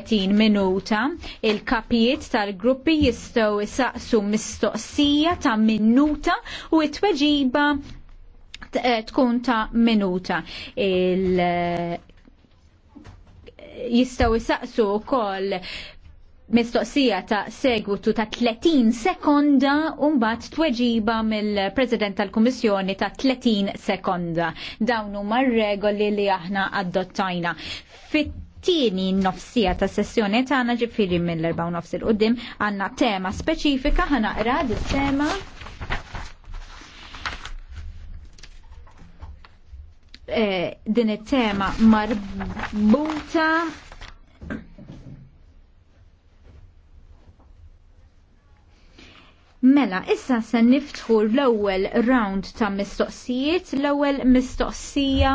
30 minuta. Il-kapijiet tal-gruppi jistgħu saqsu mistoqsija ta' minuta u it-tweġiba eh, tkun ta' minuta. Il eh, jistaw isaqsu wkoll mistoqsija ta' segwitu ta' 30 sekonda umbat tweġiba mill-President tal-Kummissjoni ta' 30 sekonda. Dawn huma regoli li aħna adottajna. Fit tini tieni nofsija ta' sessjoni tagħna ġifieri mill-erba' nofs il qudiem għandna tema speċifika ħanaqra dis-tema eh, din it-tema marbuta Mela, issa se niftħu l-ewwel round ta' mistoqsijiet, l-ewwel mistoqsija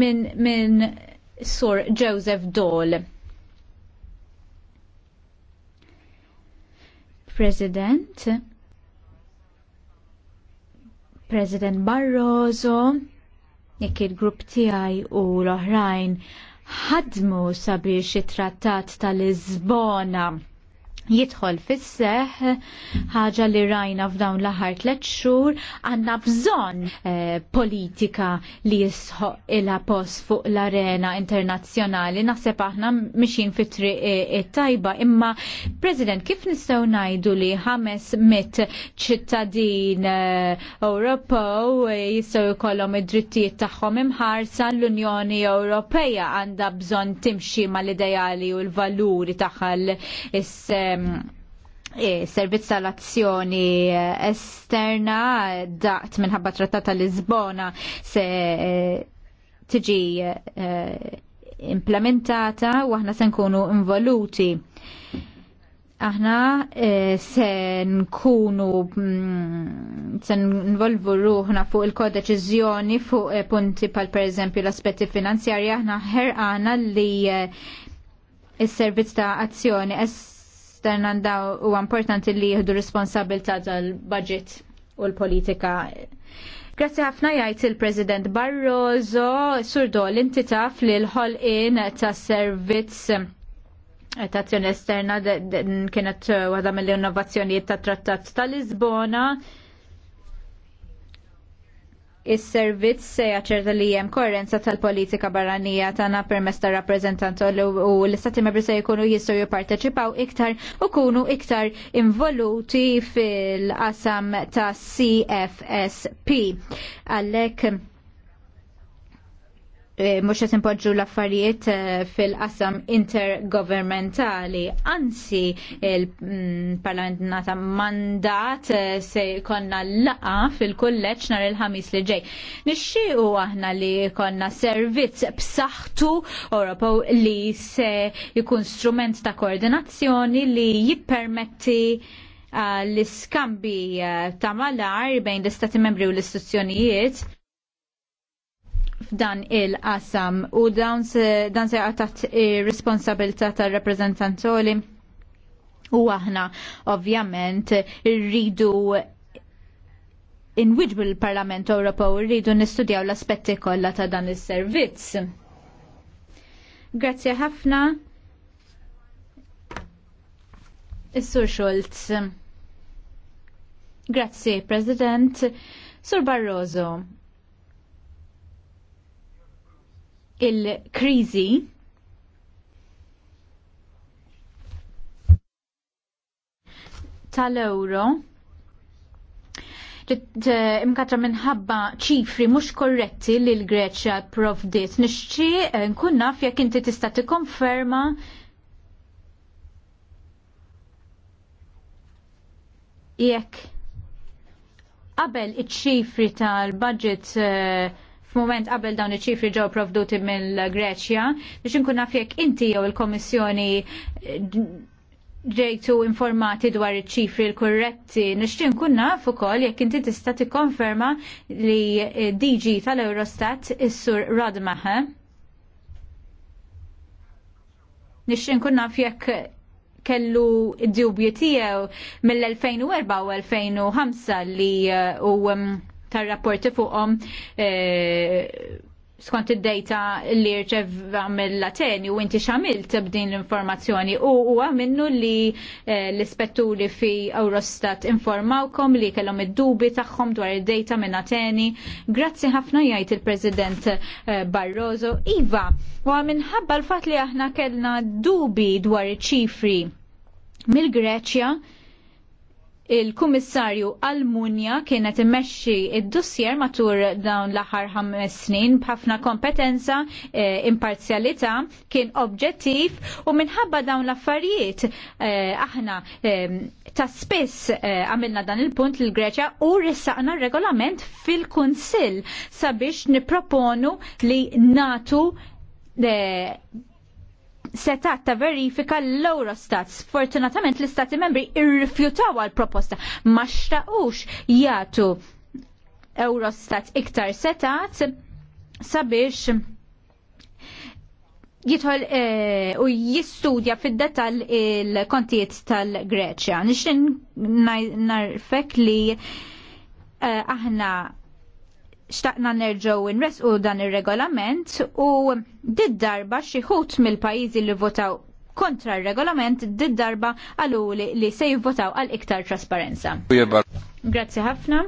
minn min, min Sur Joseph Dole. President, President Barroso, jekk il-grupp tiegħi u l-oħrajn ħadmu sabiex it-trattat tal-Lisbona jidħol fis-seħ ħaġa li rajna f'dawn l-aħħar tliet xhur għandna bżonn eh, politika li jisħoq il post fuq l-arena internazzjonali naħseb aħna mixin fit-triq eh, tajba imma President kif nistgħu ngħidu li ħames mit ċittadin eh, Ewropew jistgħu jkollhom id-drittijiet tagħhom imħarsa l-Unjoni Ewropea għandha bżonn timxi mal-ideali u l-valuri tagħha is E, servizz tal-azzjoni e, esterna daqt minħabba trattat tal-Lisbona se e, tiġi implementata u aħna se nkunu involuti. Aħna se nkunu mm, se nvolvu ruħna fuq il-kodeċiżjoni fuq punti pal per eżempju l-aspetti finanzjarji aħna ħerqana li s servizz ta' azzjoni esterna esterna daw huwa importanti li jieħdu responsabilità tal-budget u l-politika. Grazzi ħafna jgħid il-President Barroso surdo l-inti taf li l-ħolqien tas servizz ta' azzjoni esterna kienet waħda mill-innovazzjonijiet tat trattat ta' Lisbona. Is-servizz se jaċerta li hemm korrenza tal-politika barranija tagħna permezz tar rappreżentanti u l-istati membri se jkunu jistgħu jipparteċipaw iktar u kunu iktar involuti fil-qasam ta' CFSP. Għalhekk Eh, mux qed impoġġu l-affarijiet eh, fil-qasam intergovernmentali. Anzi, il-Parlament nata mandat eh, se konna laqa fil-kulleġġ nar il-ħamis li ġej. Nixxiequ aħna li konna servizz b'saħħtu Ewropew li se jkun strument ta' koordinazzjoni li jippermetti l-iskambi ta' malar bejn l-istati membri u l-istituzzjonijiet f'dan il-qasam u dan se għatat ir-responsabilità tar-rappreżentantoli u aħna ovvjament rridu inwiġbu l-Parlament Ewropew rridu nistudjaw l-aspetti kollha ta' dan is-servizz. Grazzi ħafna. Is-Sur Schultz. Grazzi, President. Sur Barroso, il-kriżi tal-euro imkatra minħabba ċifri mhux korretti li l-Greċja provdiet. Nixċi eh, nkun naf jekk inti tista' tikkonferma jekk qabel iċ-ċifri tal-budget uh, f'mument qabel dawn iċ-ċifri ġew provduti mill-Greċja biex inkun naf jekk inti jew il-Kommissjoni eh, ġejtu informati dwar iċ-ċifri l-korretti. Nixtieq inkun naf ukoll jekk inti tista' tikkonferma li eh, DG tal-Eurostat is-sur Radmaha. Nixtieq inkun naf jekk kellu dubju tiegħu mill-2004 u 2005 li eh, u um, tar-rapporti fuqhom eh, skont id-data li rċev mill-Ateni u inti xamilt b'din l-informazzjoni u huwa minnu li eh, l-ispetturi fi Eurostat informawkom li kellhom id-dubi tagħhom dwar id-data minn Ateni. Grazzi ħafna jgħid il-President eh, Barroso. Iva, u minħabba l-fatt li aħna kellna dubi dwar iċ-ċifri mill-Greċja Il-Kummissarju Almunja kienet immexxi id-dossier matur dawn l-aħħar ħames snin b'ħafna kompetenza, e, imparzjalità, kien obġettiv u minħabba dawn l-affarijiet e, aħna e, ta' spiss għamilna dan il-punt l greċja u ressaqna regolament fil-Kunsill sabiex niproponu li natu setat ta' verifika l-Eurostat. Sfortunatament l-Istati membri irrifjutaw għal-proposta ma xtaqux jgħatu Eurostat iktar setat sabiex jitħol e, u jistudja fid-detal il-kontijiet tal-Greċja. Nixin narfek li e, aħna xtaqna nerġaw u dan ir-regolament u did-darba xi ħut mill-pajjiżi li votaw kontra r-regolament did-darba għalu li se jivvotaw għal iktar trasparenza. Grazzi ħafna.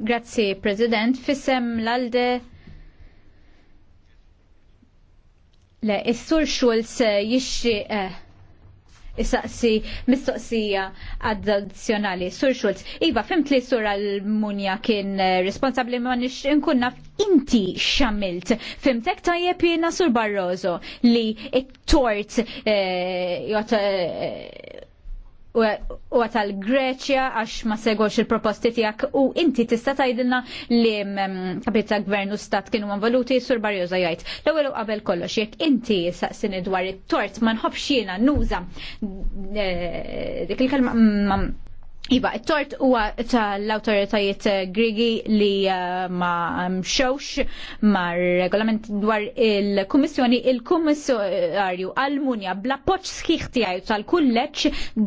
Grazzi President. Fissem l-alde Le, is-sur Schulz se eh, eh isaqsi mistoqsija addizzjonali. Sur Schulz, Iva, fimt li sur Almunja kien eh, responsabli ma nix inkunna naf inti xamilt. Fimtek tajjeb jena sur Barroso li it-tort eh, eh, u għatal Greċja għax ma segwax il-proposti tijak u inti tista tajdilna li mm, kapita gvern u stat kienu involuti sur barjoza jajt. L-ewel u qabel kollox, jek inti saqsini dwar it-tort ma nħobx jiena nuża eh, dik il-kalma mm, Iba, it-tort huwa tal-autoritajiet eh, Grigi li eh, ma mxewx ma regolament dwar il-Kummissjoni, il-Kummissarju għall-munja bla poċ sħiħ tiegħu tal-kulleġġ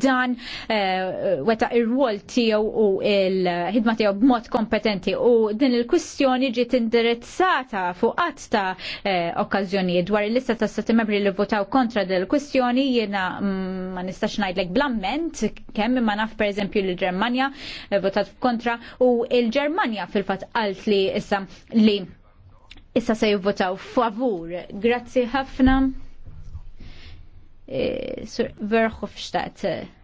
dan eh, weta ir-rwol tiegħu u il-ħidma tiegħu b'mod kompetenti u din il-kwistjoni ġiet indirizzata fuq qatt ta' okkażjonijiet dwar il-lista ta' stati membri li votaw kontra din il-kwistjoni jiena mm, ma nistax ngħidlek blamment kemm ma naf pereżempju il-Ġermanja eh, votat kontra u il-Ġermanja fil-fat għalt li issa li issa se jivvotaw favur. Grazzi ħafna. Eh, Sur Verhofstadt. Eh,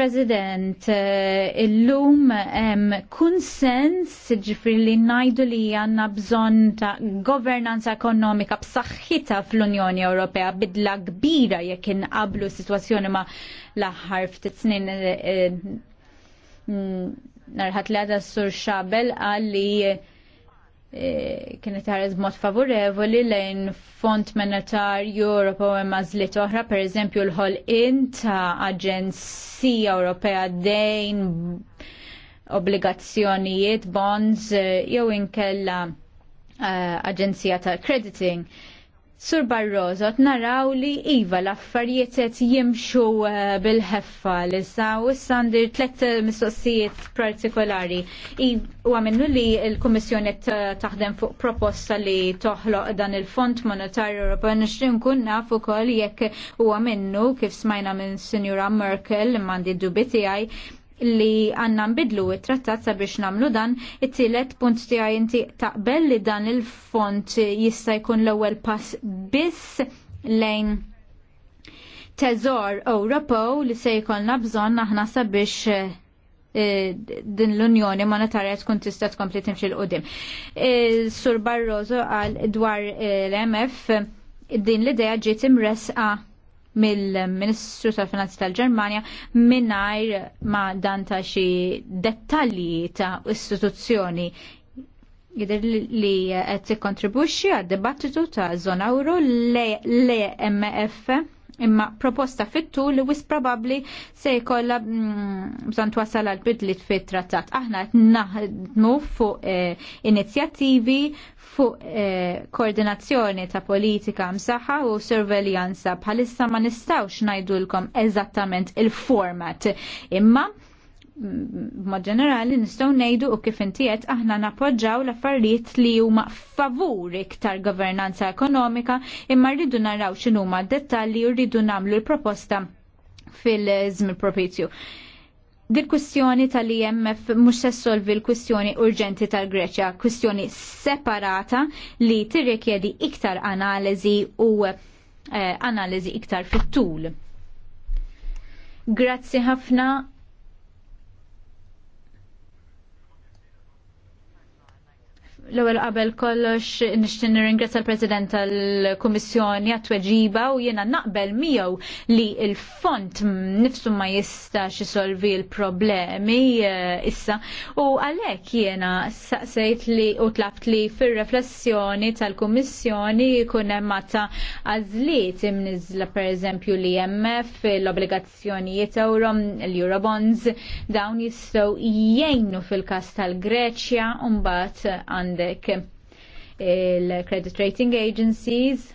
President, eh, illum hemm kunsens ġifri li ngħidu li għandna bżonn ta' governanza ekonomika b'saħħitha fl-Unjoni Ewropea bidla kbira jekk inqablu s-sitwazzjoni ma' l-aħħar ftit snin eh, eh, mm, narħat li għadha s-sur xabel għalli E, kienet għarriz mod favorevoli lejn font monetar Europa u mażliet oħra, per eżempju l ħol ta' Aġenzija Ewropea dejn obbligazzjonijiet, bonds, e, jew inkella e, Aġenzija tal-crediting Sur Barroso, naraw li Iva l-affarijiet qed jimxu eh, bil-ħeffa li sa u għandi tlet eh, mistoqsijiet partikolari. U għamennu li l-Kummissjoni eh, taħdem fuq proposta li toħloq dan il-Fond Monetarju Ewropew nixtieq nkun naf ukoll jekk huwa minnu kif smajna minn Sinjura Merkel m'għandi dubiti tiegħi li għanna nbidlu it-trattat sabiex namlu dan, it-tielet punt tiegħi inti taqbel li dan il-font jista' jkun l-ewwel pass biss lejn teżor Ewropew li se jkollna bżonn aħna sabiex eh, din l-Unjoni Monetarja tkun tista' tkompli timxil l qudiem eh, Sur Barroso għal dwar eh, l-MF din l-idea ġiet imresqa mill-Ministru tal-Finanzi tal-Ġermanja minnajr ma dan ta' xi dettalji ta' istituzzjoni jidir li qed tikkontribwixxi għad-dibattitu ta' zona euro l-EMF imma proposta fittu li wis probabli se jkollha mm, bżon twasal għal bidlit fit trattat. Aħna qed naħdmu fuq eh, inizjattivi fuq eh, koordinazzjoni ta' politika msaħħa u surveljanza bħalissa ma nistawx ngħidulkom eżattament il-format imma ma ġenerali nistgħu ngħidu u kif inti qed aħna nappoġġaw l-affarijiet li huma favur iktar governanza ekonomika imma rridu naraw x'inhuma d-dettalji u rridu nagħmlu l-proposta fil-żmien propizju. Dil kwistjoni tal-IMF mhux se solvi l-kwistjoni urġenti tal-Greċja, kwistjoni separata li tirrikjedi iktar analiżi u eh, analiżi iktar fit-tul. Grazzi ħafna L-ewwel qabel kollox nixtieq nirringrazzja l-President tal-Kummissjoni għat-tweġiba u jiena naqbel miegħu li l-font nifsu ma jistax isolvi l-problemi eh, issa u għalhekk jiena saqsejt li u tlabt li fir-reflessjoni tal-Kummissjoni jkun hemm ta' għażliet imniżla pereżempju li IMF l-obbligazzjonijiet euro l-Eurobonds dawn jistgħu jgħinu fil-każ tal-Greċja u mbagħad għand għandek il-credit eh, rating agencies,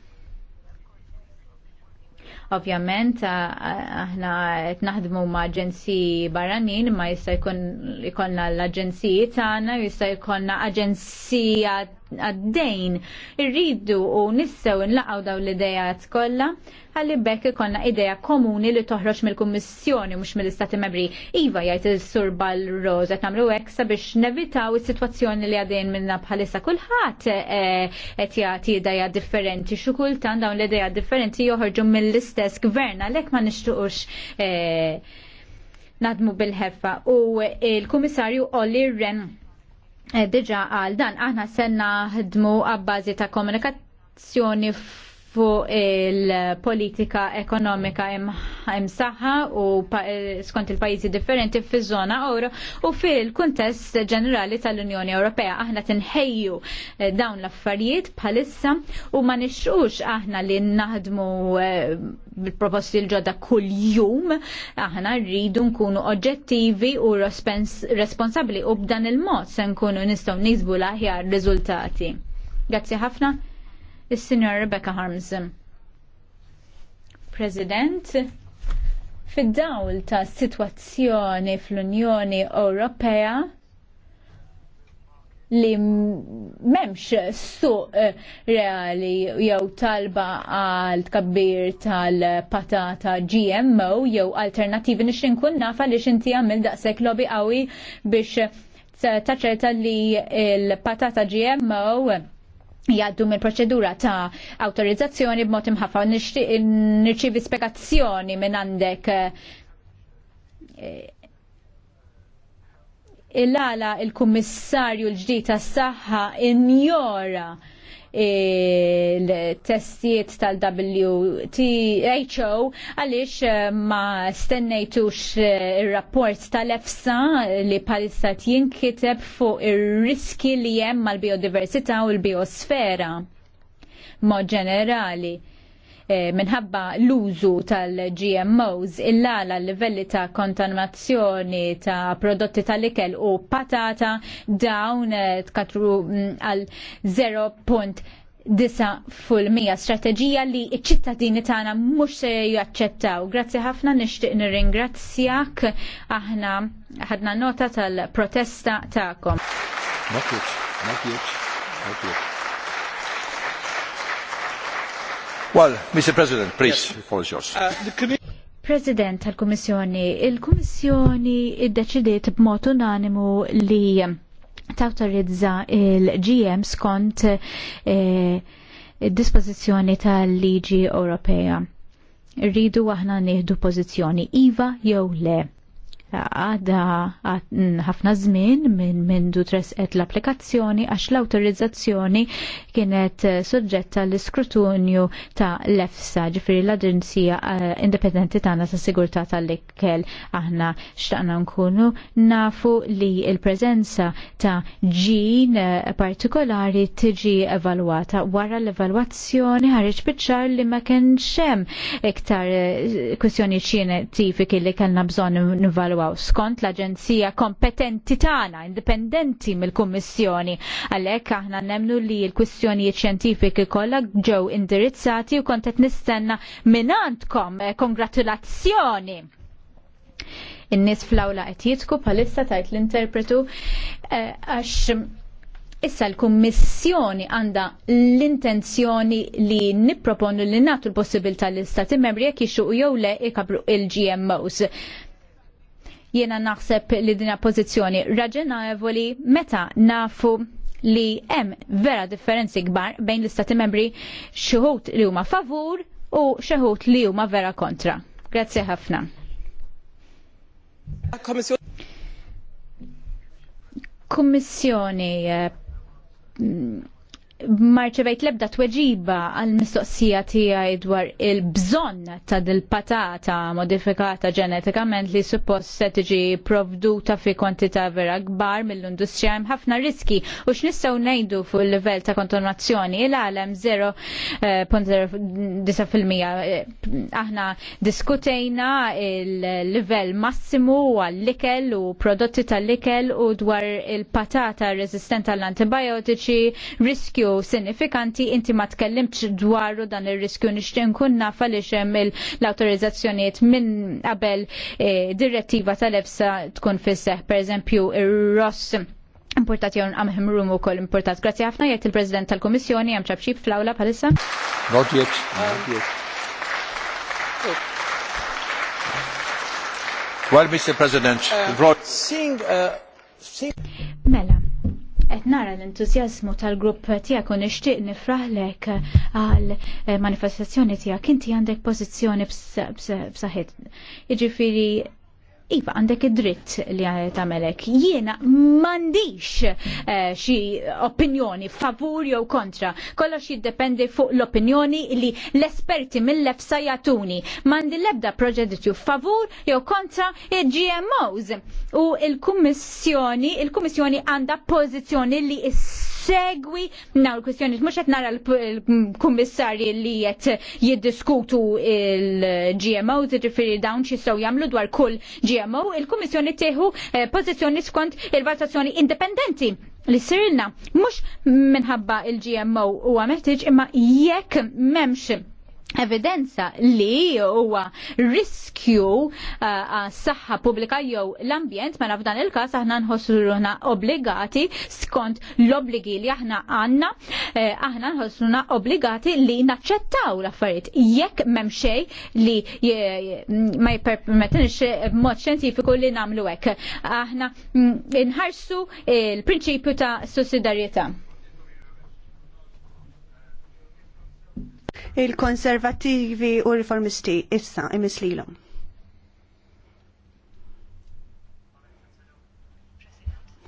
ovvjament aħna qed naħdmu ma' aġenziji barranin ma jista' jkun ikollna l-aġenziji tagħna jista' jkollna aġenzija għaddejn. Irridu u nissew nlaqgħu daw l-idejat kollha ħalli bekk ikonna idea komuni li toħroġ mill-Kummissjoni mhux mill-Istati Membri. Iva jgħid is sur Balroż qed nagħmlu hekk sabiex nevitaw is-sitwazzjoni li għaddejn minna bħalissa kulħadd eh, qed jagħti idea differenti xi kultant dawn l idea differenti joħorġu mill-istess gvern għalhekk ma nixtuqux eh, nadmu bil-ħeffa u il-Kummissarju Olli Ren Eh, diġa għal dan aħna senna ħdmu għabbażi ta' komunikazzjoni fuq il-politika ekonomika imsaħħa u skont il-pajjiżi differenti fiż-żona euro u fil-kuntest ġenerali tal-Unjoni Ewropea aħna tinħejju eh, dawn l-affarijiet bħalissa u ma nixux aħna li naħdmu eh, bil-proposti l-ġodda kull jum aħna rridu nkunu oġġettivi u responsabli u b'dan il-mod se nkunu nistgħu nizbu l-aħjar riżultati. Grazzi ħafna. Is-Sinjor Rebecca Harms. President, fid-dawl ta' situazzjoni fl-Unjoni Ewropea li memx suq eh, reali jew talba għal tkabbir tal-patata GMO jew alternativi nix nkun nafa li xinti għamil daqsek lobby qawwi biex taċerta li l-patata GMO jaddu mill proċedura ta' autorizzazzjoni b'mod imħafa nirċivi spiegazzjoni minn għandek il-għala il-kummissarju l-ġdita s-saħħa injora il testiet tal wtho għaliex eh, ma stennejtux eh, il-rapport tal-EFSA li palissat jinkiteb fuq ir-riski li hemm mal-biodiversità u l-biosfera mod ġenerali Eh, minħabba l-użu tal-GMOs illa l livelli ta' kontaminazzjoni ta' prodotti tal-ikel u patata dawn eh, tkatru mm, għal 0.9 fil-mija strateġija li iċ-ċittadini tagħna mhux se jaċċettaw. Grazzi ħafna nixtieq nirringrazzjak aħna ħadna nota tal-protesta tagħkom. Well, Mr. President, please, yes. the yours. Uh, President tal-Kummissjoni, il-Kummissjoni iddeċidiet b'mod unanimu li tawtorizza il-GM skont eh, dispożizzjoni tal-liġi Ewropea. Rridu aħna nieħdu pożizzjoni iva jew le għada ħafna żmien minn mindu et l-applikazzjoni għax l-autorizzazzjoni kienet eh, soġġetta l iskrutunju ta' l-EFSA ġifiri l-Aġenzija eh, Indipendenti tagħna ta' Sigurtà tal-Ikkel aħna xtaqna nkunu nafu li l-preżenza ta' ġin eh, partikolari tiġi evalwata wara l-evalwazzjoni ħareġ biċċar li ma kienx hemm iktar kwistjoni ċientifiki li kellna bżonn nivalwa jevalwaw skont l-Aġenzija kompetenti tagħna, indipendenti mill-Kummissjoni. Għalhekk aħna nemnu li l-kwistjonijiet xjentifiki kollha ġew indirizzati u kont qed nistenna minantkom eh, kongratulazzjoni. In-nies fl-awla qed jitku bħalissa tajt l-interpretu eh, għax issa l-Kummissjoni għandha l-intenzjoni li nipproponu li nagħtu l-possibilità l-Istati membri jekk jixuq jew le ikabru il-GMOs. Jiena naħseb li dinja pożizzjoni raġenevoli meta nafu li hemm vera differenzi kbar bejn l-istati membri xeħut li huma favur u xiħut li huma vera kontra. Grazzi ħafna. Kommissjoni eh, marċevejt lebda tweġiba għal mistoqsija tiegħi dwar il-bżonn ta' dil-patata modifikata ġenetikament li suppost se tiġi provduta fi kwantità vera kbar mill-industrija hemm ħafna riski u x'nistgħu ngħidu fuq il-livell ta' kontonazzjoni, il għalem 0.09% eh, eh, aħna diskutejna il-livell massimu għall-ikel u prodotti tal-ikel u dwar il-patata resistenta għall antibiotiċi riskju riskju sinifikanti inti ma tkellimx dwaru dan ir-riskju nixtieq nkun naf għaliex hemm l-awtorizzazzjonijiet minn qabel eh, direttiva tal-EFSA tkun fisseħ, pereżempju ir-Ross importati għon għamħim rum u koll importat. Grazie ħafna jgħet il-President tal-Komissjoni għam ċabxib fl-awla bħalissa. Well, Mr. President, uh, seeing, uh, seeing... Mela, Et nara l-entuzjazmu tal-grupp tijak u nishtiq nifraħlek għal eh, manifestazzjoni tijak. Inti għandek pozizjoni b'saħħit. Iġifiri Iva, għandek id-dritt li tamelek. Jiena mandiċ eh, xi opinjoni favur jew kontra. Kollox jiddependi fuq l-opinjoni li l-esperti mill-lefsa jatuni. Mandi l-ebda proġeditju favur jew kontra il-GMOs. U il-Kummissjoni, il-Kummissjoni għanda pożizzjoni li is segwi naw l kwestjoni mhux qed nara l-kummissarji li qed jiddiskutu il-GMO tiġifieri dawn sew jagħmlu dwar kull GMO, il-Kummissjoni tieħu eh, pożizzjoni skont il-valutazzjoni indipendenti li sirilna mhux minħabba il-GMO huwa meħtieġ imma jekk m'hemmx evidenza li huwa riskju uh, saħħa pubblika jew l-ambjent mela f'dan il-każ aħna nħossu ruħna obbligati skont l-obbligi li aħna għandna eh, aħna nħossuna obbligati li naċċettaw l-affarijiet jekk m'hemm xej li ma jippermettinix eh, b'mod xjentifiku li nagħmlu hekk. Aħna mm, nħarsu l prinċipju ta' sussidjarjetà. il-konservativi u riformisti issa imislilom.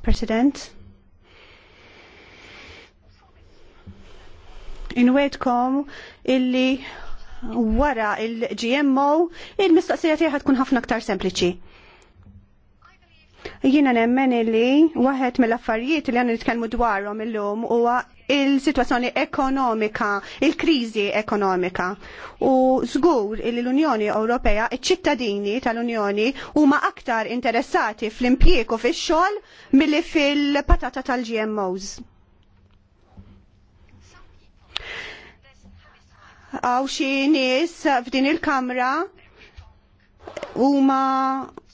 President. Inwedkom illi wara il-GMO il-mistaqsija tiegħek tkun ħafna aktar sempliċi. Jiena nemmen li waħed mill-affarijiet li għan nitkellmu dwarhom illum huwa il-situazzjoni ekonomika, il-kriżi ekonomika. U żgur li l-Unjoni Ewropea, iċ-ċittadini tal-Unjoni huma aktar interessati fl impieku fil fix-xogħol milli fil-patata tal-GMOs. Għaw xi nies f'din il-kamra huma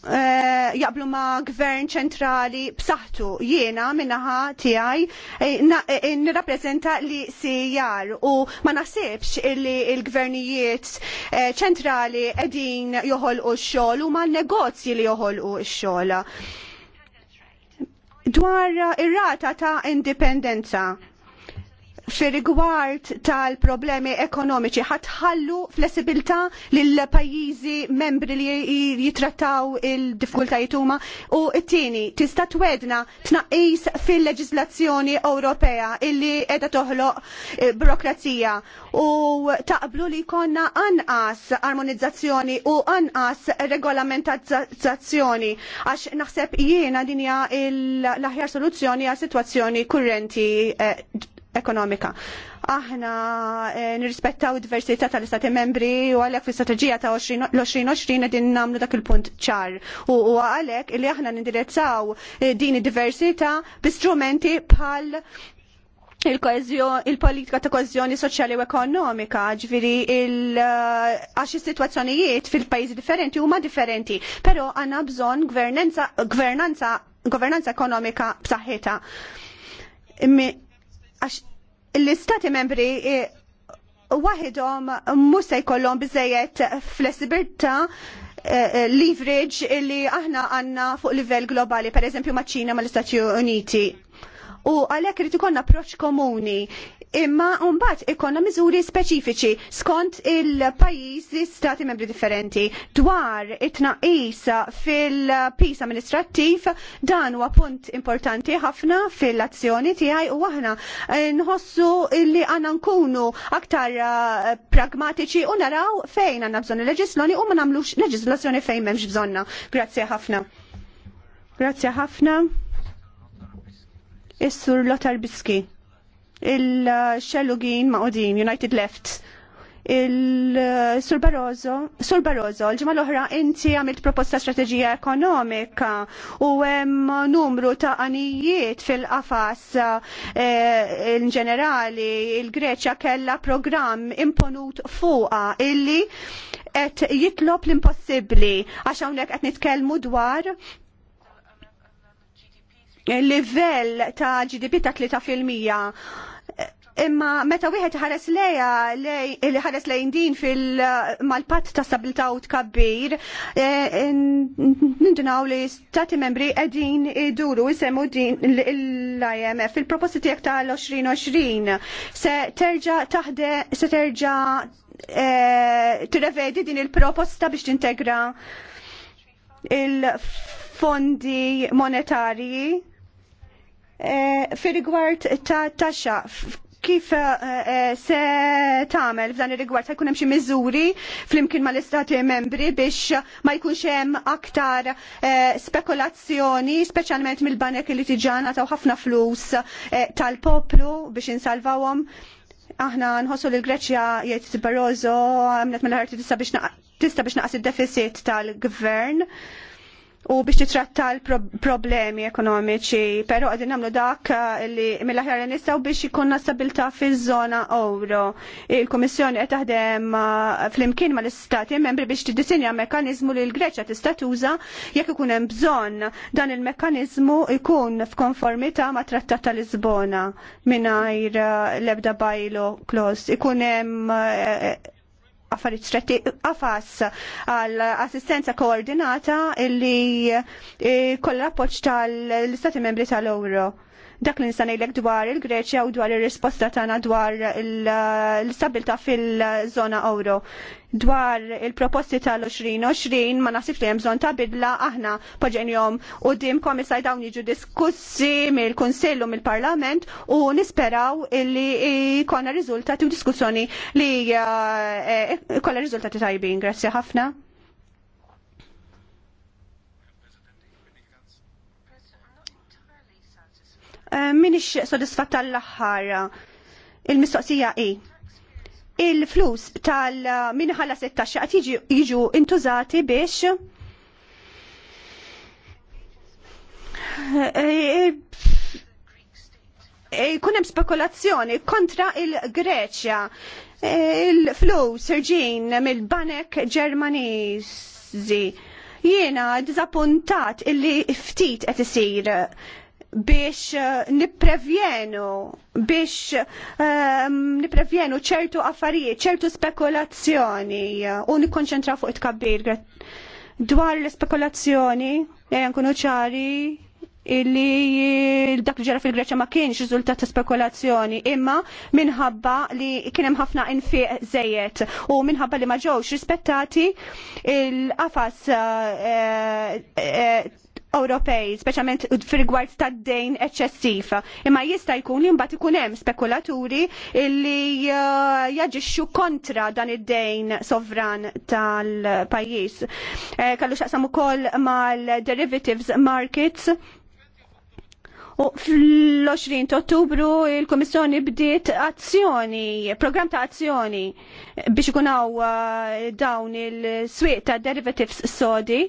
Eh, jaqblu ma' gvern ċentrali b'saħħtu jiena minnaħa tiegħi eh, eh, nirrappreżenta li sijar u ma naħsibx li l-gvernijiet ċentrali qegħdin joħolqu x-xogħol u ma negozji li joħolqu x-xogħol. Dwar ir-rata ta' indipendenza Fir-rigward tal-problemi ekonomiċi ħatħallu flessibilità lil pajjiżi membri li jitrattaw il-diffikultajiet huma u t-tieni tista' twedna tnaqqis fil-leġiżlazzjoni Ewropea illi qiegħda toħloq eh, burokrazija u taqblu li jkollna anqas armonizzazzjoni u anqas regolamentazzazzjoni għax naħseb jiena dinja l-aħjar soluzzjoni għal sitwazzjoni kurrenti eh, ekonomika. Aħna eh, nirrispettaw diversità tal-istati membri u għalek fil-strategija ta' l-2020 din nagħmlu dak il-punt ċar. U għalhekk li aħna nindirezzaw eh, din id-diversità bi strumenti il-politika ta' kozzjoni soċjali u ekonomika, ġviri eh, għax situazzjonijiet fil-pajjiżi differenti huma differenti, però għandna bżon governanza, ekonomika b'saħħita għax l-istati membri eh, waħidhom mhux se jkollhom biżejjed flessibilità eh, eh, leverage li aħna għandna fuq livell globali, pereżempju maċ-Ċina mal-Istati Uniti. U għalhekk irid ikollna approċċ komuni imma mbagħad ikonna miżuri speċifiċi skont il pajis stati membri differenti dwar it naqis fil-pis amministrativ dan huwa punt importanti ħafna fil-azzjoni tiegħi u aħna eh, nħossu li għandna nkunu aktar eh, pragmatiċi u naraw fejn għandna bżonn il-leġislani u ma nagħmlux leġislazzjoni fejn m'hemmx bżonna. Grazzi ħafna. Grazzi ħafna. Is-sur Lotar Biski il-xellugin maqodin, United Left. Il-Sur Barroso, Sur Barroso, l-ġimma l-oħra inti għamilt proposta strategija ekonomika u hemm numru ta' anijiet fil-qafas eh, in-ġenerali il-Greċja kella programm imponut fuqa illi qed jitlob l-impossibbli għax hawnhekk qed nitkellmu dwar il livell ta' GDP ta' 3%. Imma meta wieħed ħares leja li ħares lejn din fil-malpat ta' stabilità u tkabbir, e, nindunaw li stati membri qegħdin iduru isemmu din l-IMF fil-proposti tiegħek tal-2020 se terġa' taħde se terġa' e, tirrevedi din il-proposta biex tintegra il-fondi monetarji Eh, fir-rigward ta' taxxa kif eh, eh, se tagħmel f'dan ir-rigward se jkun hemm xi miżuri flimkien mal-istati membri biex ma jkunx hemm aktar spekulazzjoni, speċjalment mill-banek li tiġana taw ħafna flus tal-poplu biex insalvawhom aħna nħossu li l-Greċja jgħid Barroso għamlet mill-ħarti tista' biex naqas id-deficit tal-gvern u biex titratta l-problemi ekonomiċi, pero għadin namlu dak eh, li mill-aħjar nistaw biex ikonna stabilta fil-zona euro. Il-Komissjoni qed taħdem eh, fl-imkien ma l-istati membri biex tiddisinja mekanizmu li l-Greċja tista' tuża jekk ikun hemm bżonn dan il-mekanizmu ikun f'konformità ma' Trattat ta' Lisbona mingħajr eh, l-ebda bajlo klos. Ikun hemm affarijiet qafas għal assistenza koordinata illi eh, kollha appoġġ tal-Istati Membri tal-Ewro. Dak li nista' dwar il-Greċja u dwar ir-risposta tagħna dwar eh, l-istabilità fil-żona euro. Dwar il-proposti tal-2020 ma nasif li hemm bżonn ta' bidla aħna jom u dim issa dawn jiġu diskussi mill-Kunsill u mill-Parlament u nisperaw li konna rizultati u diskussjoni li eh, eh, konna rizultati tajbin. Grazie ħafna. Eh, minix sodisfatta l-aħħar. Il-mistoqsija i. Il-flus tal-min eh, ħalla 16 qed jiġu intużati biex eh, kunem hemm spekulazzjoni kontra il-Greċja. Il-flus irġin mill-banek Ġermaniżi. Jiena dizappuntat illi ftit qed isir biex eh, nipprevjenu biex um, nipprevjenu ċertu affarijiet, ċertu spekulazzjoni eh, u nikkonċentraw fuq it-kabbir dwar l-spekulazzjoni nkunu ċari illi dak li ġara fil-Greċja ma kienx riżultat ta' spekulazzjoni, imma minħabba li kien hemm ħafna infiq żejjed u minħabba li ma ġewx rispettati il-qafas eh, Ewropej, speċjalment fil-gwart tad dejn eċċessiv. Imma jista' jkun li mbagħad ikun hemm spekulaturi li eh, jaġixxu kontra dan id-dejn sovran tal-pajjiż. E, eh, Kallu xaqsam ukoll mal-derivatives markets. U fl-20 ottubru il-Komissjoni bdiet azzjoni, program ta' azzjoni biex ikun eh, dawn il-swieq ta' derivatives sodi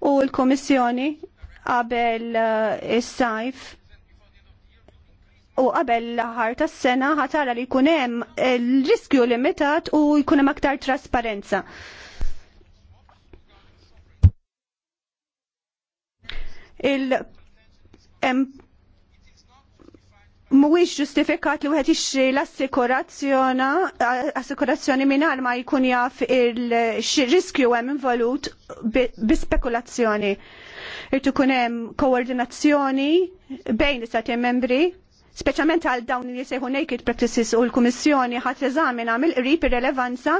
u l-Komissjoni qabel eh, is-sajf u qabel l-ħar tas sena ħatara li jkun hemm il-riskju eh, limitat u jkun hemm aktar trasparenza. Il Mhuwiex ġustifikat li wieħed jixtri l-assikurazzjoni mingħajr ma jkun jaf il-riskju hemm involut bi spekulazzjoni. Irid ikun hemm koordinazzjoni bejn l-istati membri speċjalment għal dawn li jisejħu naked practices u l-Kummissjoni ħadd eżamina mill-qrib ir-relevanza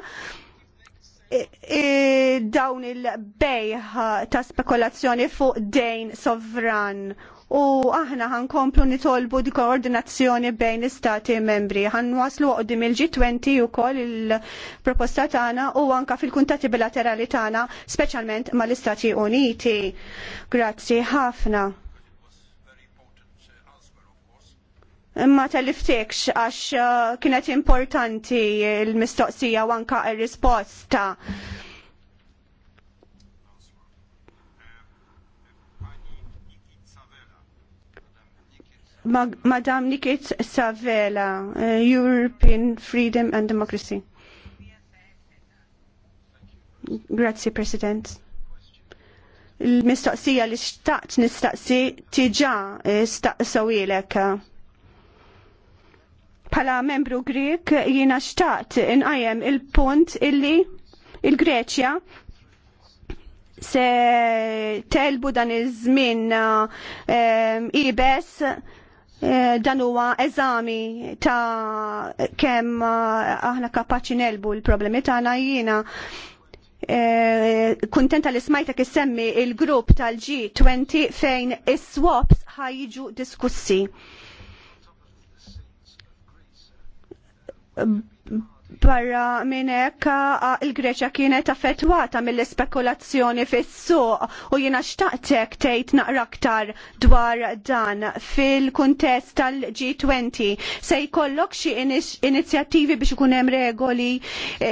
dawn il-bejħ ta' spekulazzjoni fuq dejn sovran u aħna komplu nitolbu di koordinazzjoni bejn istati membri. Ħan waslu qoddim il-G20 u koll il-proposta tagħna u anka fil-kuntati bilaterali tagħna, speċjalment mal-Istati Uniti. Grazzi ħafna. Imma tal-iftekx għax uh, kienet importanti l mistoqsija u anka r risposta Madam Nikit Savela, uh, European Freedom and Democracy. Grazie, President. Il-mistoqsija li xtaqt nistaqsi tiġa eh, staqsawilek. Pala membru Grek jina xtaqt inqajem il-punt illi il-Greċja se telbu dan iż-żmien eh, ibes Eh, dan huwa eżami ta' kemm eh, aħna kapaċi nelbu l-problemi tagħna jiena eh, kuntenta li smajtek issemmi il-grupp tal-G20 fejn is-swaps ħajġu diskussi barra minnek il-Greċja kienet affettwata mill-spekulazzjoni fis-suq u jiena xtaqtek tgħid naqra aktar dwar dan fil-kuntest tal-G20 se jkollok xi inizjattivi biex ikun hemm regoli e, e,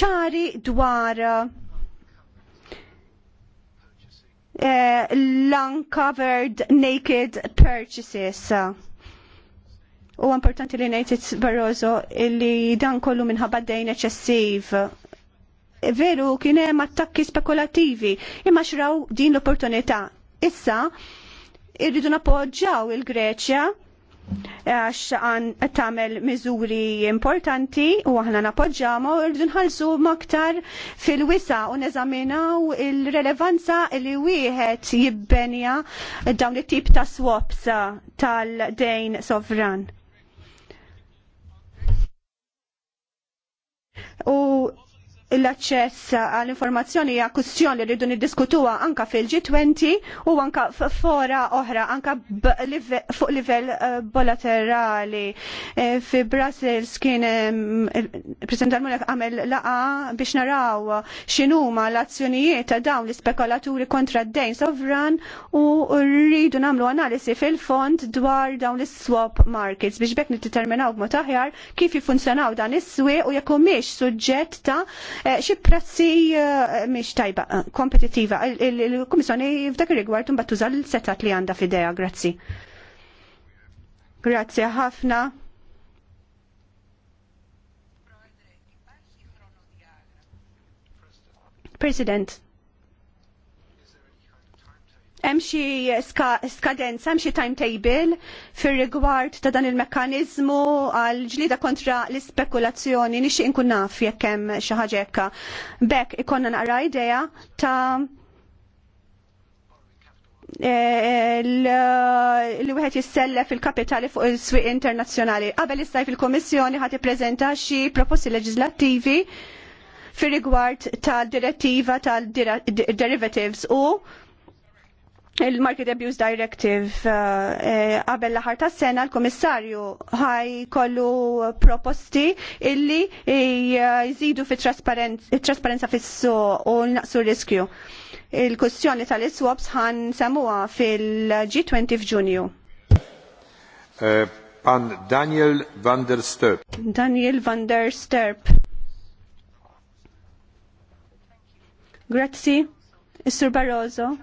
ċari dwar e, l-uncovered naked purchases. U importanti li ngħid Barroso li dan kollu minħabba dejn eċessiv veru kien hemm attakki spekulattivi, imma xraw din l-opportunità. Issa irridu napoġġaw il-Greċja għax għan tamel miżuri importanti u aħna napoġġamu irridu nħalsu maktar fil-wisa u neżaminaw il-relevanza li wieħed jibbenja dawn it-tip ta' swaps tal-dejn sovran U l-aċċess għall-informazzjoni hija kwistjoni li rridu niddiskutuha anka fil-G20 u anka fora oħra anka fuq livell eh, bilaterali. Eh, fi Brussels kien President Almunek għamel laqa biex naraw x'inhuma l-azzjonijiet ta' dawn l-ispekulaturi kontra d-dejn sovran u rridu nagħmlu analisi fil-fond dwar dawn l-swap markets biex bekk niddeterminaw b'mod aħjar kif jiffunzjonaw dan is-swieq u jekk mhix suġġett ta' Eh, xi prezzi eh, mhix tajba eh, kompetittiva. Il-Kummissjoni f'dak ir-rigward imbagħad tuża l-setat li għandha f'idea, grazzi. Grazzi ħafna. President hemm xi skadenza, hemm xi timetable fir-rigward ta' dan il-mekkaniżmu għal ġlida kontra l-ispekulazzjoni nixtieq inkun naf jekk hemm xi ħaġa hekk. Bekk ikonna naqra idea ta' e, li wieħed jissellef il-kapitali fuq is-swieq internazzjonali. Qabel is-sajf il-Kummissjoni ħad ippreżenta xi proposti leġislattivi fir-rigward tal-direttiva tal-derivatives u il-Market Abuse Directive eh, eh, qabel l-aħar tas sena l-Komissarju ħaj kollu proposti illi eh, jżidu fit trasparenza fis-su u naqsu riskju. Il-kussjoni tal-iswaps ħan samua fil-G20 f'Ġunju. Pan Daniel van der Sturp. Daniel van der Sturp. Grazzi, Is-Sur Barroso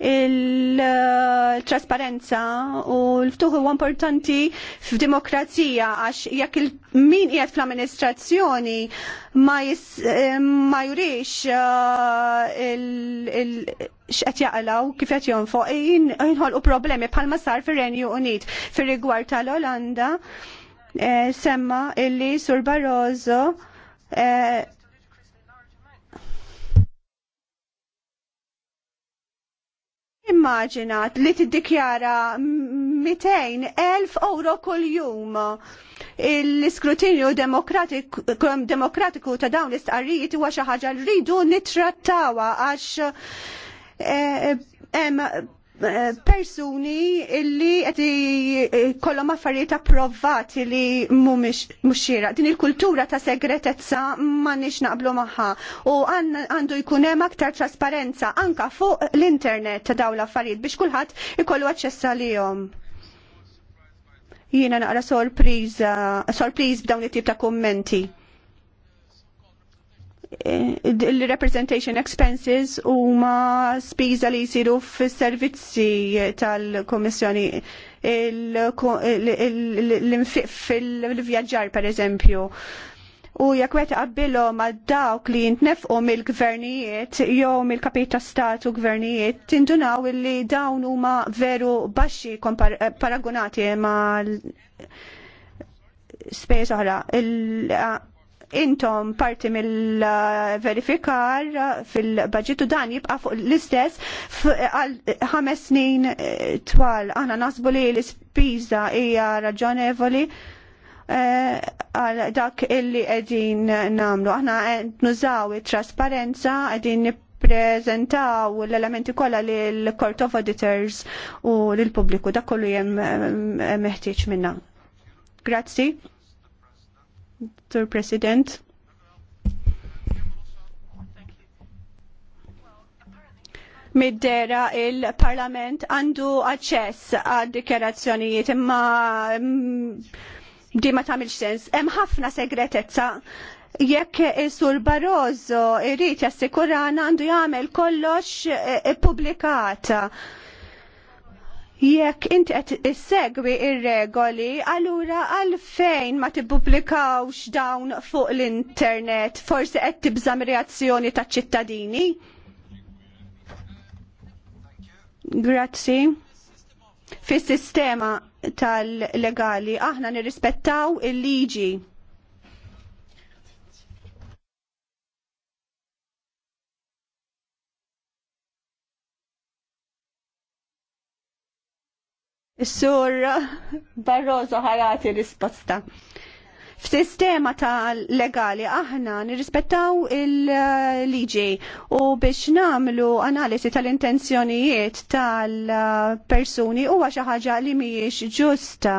il-trasparenza u l-ftuħ huwa importanti f'demokrazija għax jekk min qiegħed fl-amministrazzjoni ma eh, ma jurix eh, x'qed jaqlaw kif qed jonfoq jinħolqu problemi bħalma sar fir-Renju Unit fir-rigward tal-Olanda eh, semma illi Sur Barroso Immaġinat li tiddikjara 200.000 euro kol jum. L-iskrutinju demokratiku ta' dawn l-istqarrijiet huwa xi ħaġa rridu nittrattawa għax hemm eh, eh, persuni illi għati kollom affarijiet approvati li mhumiex muxxira. Din il-kultura ta' segretezza m'għandniex naqblu magħha u għandu jkun hemm aktar trasparenza anka fuq l-internet ta' dawn l-affarijiet biex kulħadd ikollu li għalihom. Jiena naqra sorpriz b'dawn it-tip ta' kommenti il-representation expenses huma spiża li jsiru fis-servizzi tal-Kummissjoni l-infiq fil-vjaġġar pereżempju. U jekk wet qabbilhom ma' dawk li jintnefqu mill-gvernijiet jew mill-kapit ta' stat u gvernijiet tindunaw li dawn huma veru baxxi paragunati mal' spejs oħra intom parti mill-verifikar fil baġitu dan jibqa fuq l-istess għal ħames snin eh, twal. Aħna nasbu li l-ispiża hija raġonevoli eh, għal dak illi qegħdin namlu. Aħna nużaw it-trasparenza, qegħdin prezentaw l-elementi kolla li l-Court of Auditors u l-Publiku, Dak kollu jem eh, meħtieċ minna. Grazzi. Mr. President. middera il-Parlament għandu aċċess għad dikjarazzjonijiet imma mm, di ma tamil sens. Hemm ħafna segretezza jekk is-Sur Barroso irid jassikurana għandu jagħmel kollox ippubblikat. Eh, eh, e, jekk inti qed issegwi ir-regoli, allura għalfejn ma tippubblikawx dawn fuq l-internet, forsi qed tibżam reazzjoni taċ ċittadini? Grazzi. Fis-sistema tal-legali aħna nirrispettaw il-liġi. Sur Barroso ħajati risposta. F'sistema ta' legali aħna nirrispettaw il-liġi u biex namlu analisi tal-intenzjonijiet tal-persuni huwa xi ħaġa li mhijiex ġusta.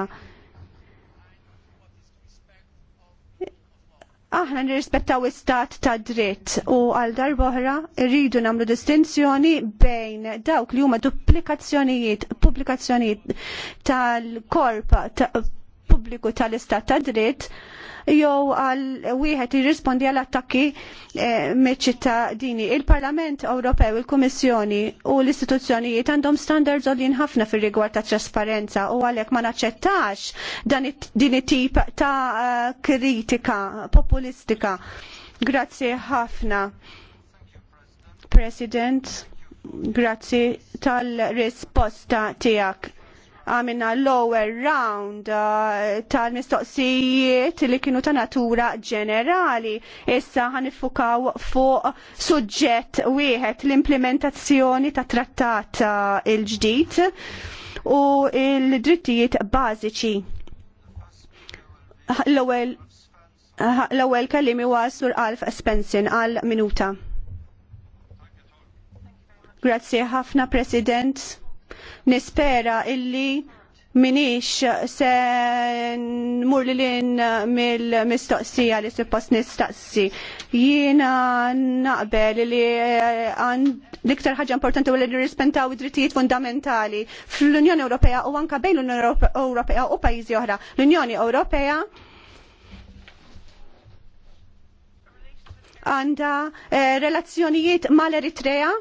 aħna nirrispettaw istat ta' dritt u għal oħra, rridu namlu distinzjoni bejn dawk li huma duplikazzjonijiet, pubblikazzjonijiet tal-korp ta pubbliku tal-istat ta' dritt jew għal wieħed jirrispondi għal attakki eh, meċ-ċittadini. Il-Parlament Ewropew, il-Kummissjoni u l-istituzzjonijiet għandhom standards għolin ħafna fir-rigward ta' trasparenza u għalhekk ma naċċettax dan din it-tip ta' eh, kritika populistika. Grazzi ħafna. President, grazzi tal-risposta tiegħek għamina lower round uh, tal-mistoqsijiet li kienu ta' natura ġenerali. Issa ħanifukaw fuq suġġett wieħed l-implementazzjoni ta' trattat uh, il-ġdid u il-drittijiet bażiċi. L-ewwel kelliem ewwel kellim huwa Sur Alf Spensin għal minuta. Grazzi ħafna President. Nispera illi minix se nmur li lin mill-mistoqsija li suppost nistaqsi. Jiena naqbel li l-iktar ħaġa importanti u li rispentaw id-drittijiet fundamentali fl-Unjoni Ewropea u anka bejn l-Unjoni Ewropea u pajjiżi oħra. L-Unjoni Ewropea għanda eh, relazzjonijiet mal-Eritrea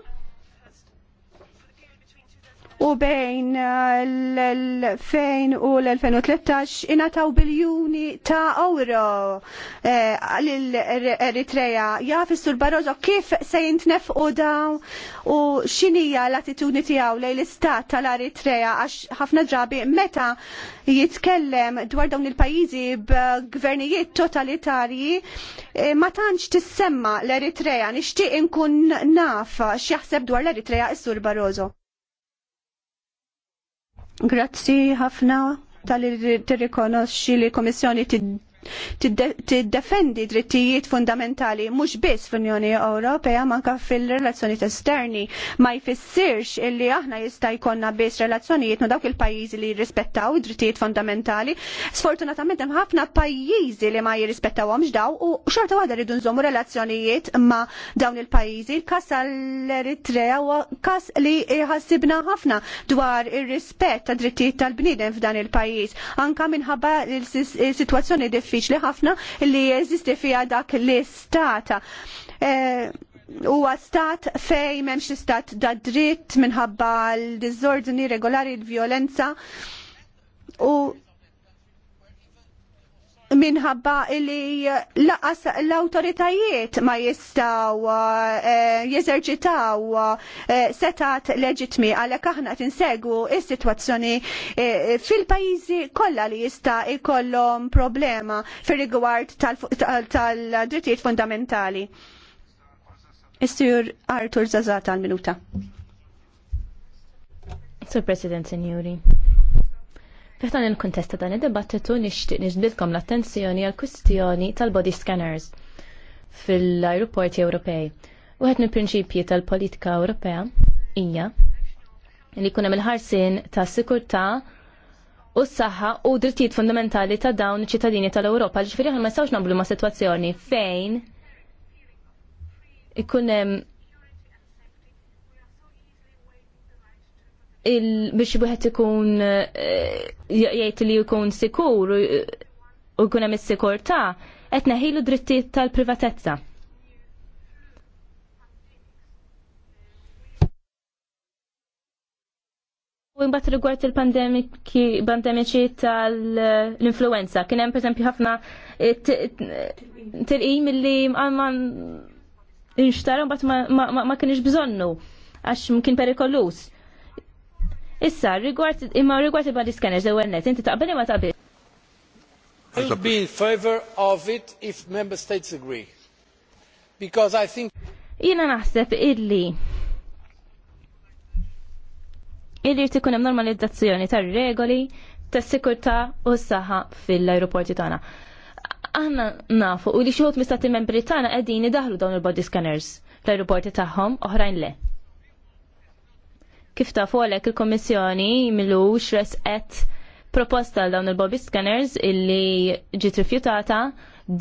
u bejn eh, l-2000 u l-2013 inataw biljuni ta' euro eh, l-Eritrea. Jaf is-Sur Barroso kif se u daw u xinija l-attitudni tiegħu lejn l-istat tal-Eritrea għax ħafna drabi meta jitkellem dwar dawn il-pajjiżi b'gvernijiet totalitarji eh, ma tantx tissemma l-Eritrea nixtieq inkun naf x'jaħseb dwar l-Eritrea is-Sur Barroso. Grazzi ħafna tal-tirrikonoxxi li l-Komissjoni tiddefendi drittijiet fundamentali mhux biss fl-Unjoni Ewropea manka fil-relazzjonijiet esterni ma jfissirx illi aħna jista' jkollna biss relazzjonijiet ma' dawk il-pajjiżi li jirrispettaw id-drittijiet fundamentali. Sfortunatament hemm ħafna pajjiżi li ma jirrispettawhomx daw u xorta waħda rridu nżommu relazzjonijiet ma' dawn il-pajjiżi. Il-każ għall-Eritrea huwa każ li ħassibna ħafna dwar ir-rispett tad drittijiet tal-bniedem f'dan il-pajjiż anka minħabba il-sitwazzjoni differenti diffiċli ħafna li jeżisti fiha dak l-istata. U e, huwa stat fej memx istat da dritt minħabba l-dizordini regolari l-violenza u minħabba li eh, laqas l-autoritajiet ma jistaw eh, eh, jeżerġitaw setat leġitmi għalhekk aħna tinsegu is-sitwazzjoni fil-pajjiżi kollha li jista' jkollhom problema fir-rigward tal-drittijiet fundamentali. Is-Sur Artur Zazata għal-minuta. Sur President Senjuri. Fiħtan il-kontesta dan id-dibattitu nixtieq nishtbidkom l-attenzjoni għal kwistjoni tal-body scanners fil-aeroporti Ewropej. Wieħed mill-prinċipji tal-politika Ewropea hija li jkun hemm il-ħarsin ta' sikurta u s-saħħa u drittijiet fundamentali ta' dawn ċittadini tal-Ewropa. Ġifieri ma nistgħux nagħmlu ma' sitwazzjoni fejn ikun hemm biex wieħed ikun jgħid li jkun sikur u jkun hemm is-sikurtà qed neħilu drittijiet tal-privatezza. U mbagħad rigward il-pandemiċi tal-influenza, kien hemm pereżempju ħafna tilqim li ma inxtara mbagħad ma kienx bżonnu għax mkien perikolus Issa, rigward, imma rigward il l scanners, ewel net, inti taqbeli ma taqbel. I'll be in favor of it if member states agree. Because I think... Jina naħseb illi illi jrid ikun hemm normalizzazzjoni tar-regoli tas-sikurtà u s-saħħa fil-ajruporti tagħna. Aħna nafu u li xħut mistati membri tagħna qegħdin daħlu dawn il-body scanners fl-ajruporti tagħhom oħrajn le. Kif ta' għalhekk il-Kommissjoni milux et proposta għal dawn il bobby scanners illi ġiet rifjutata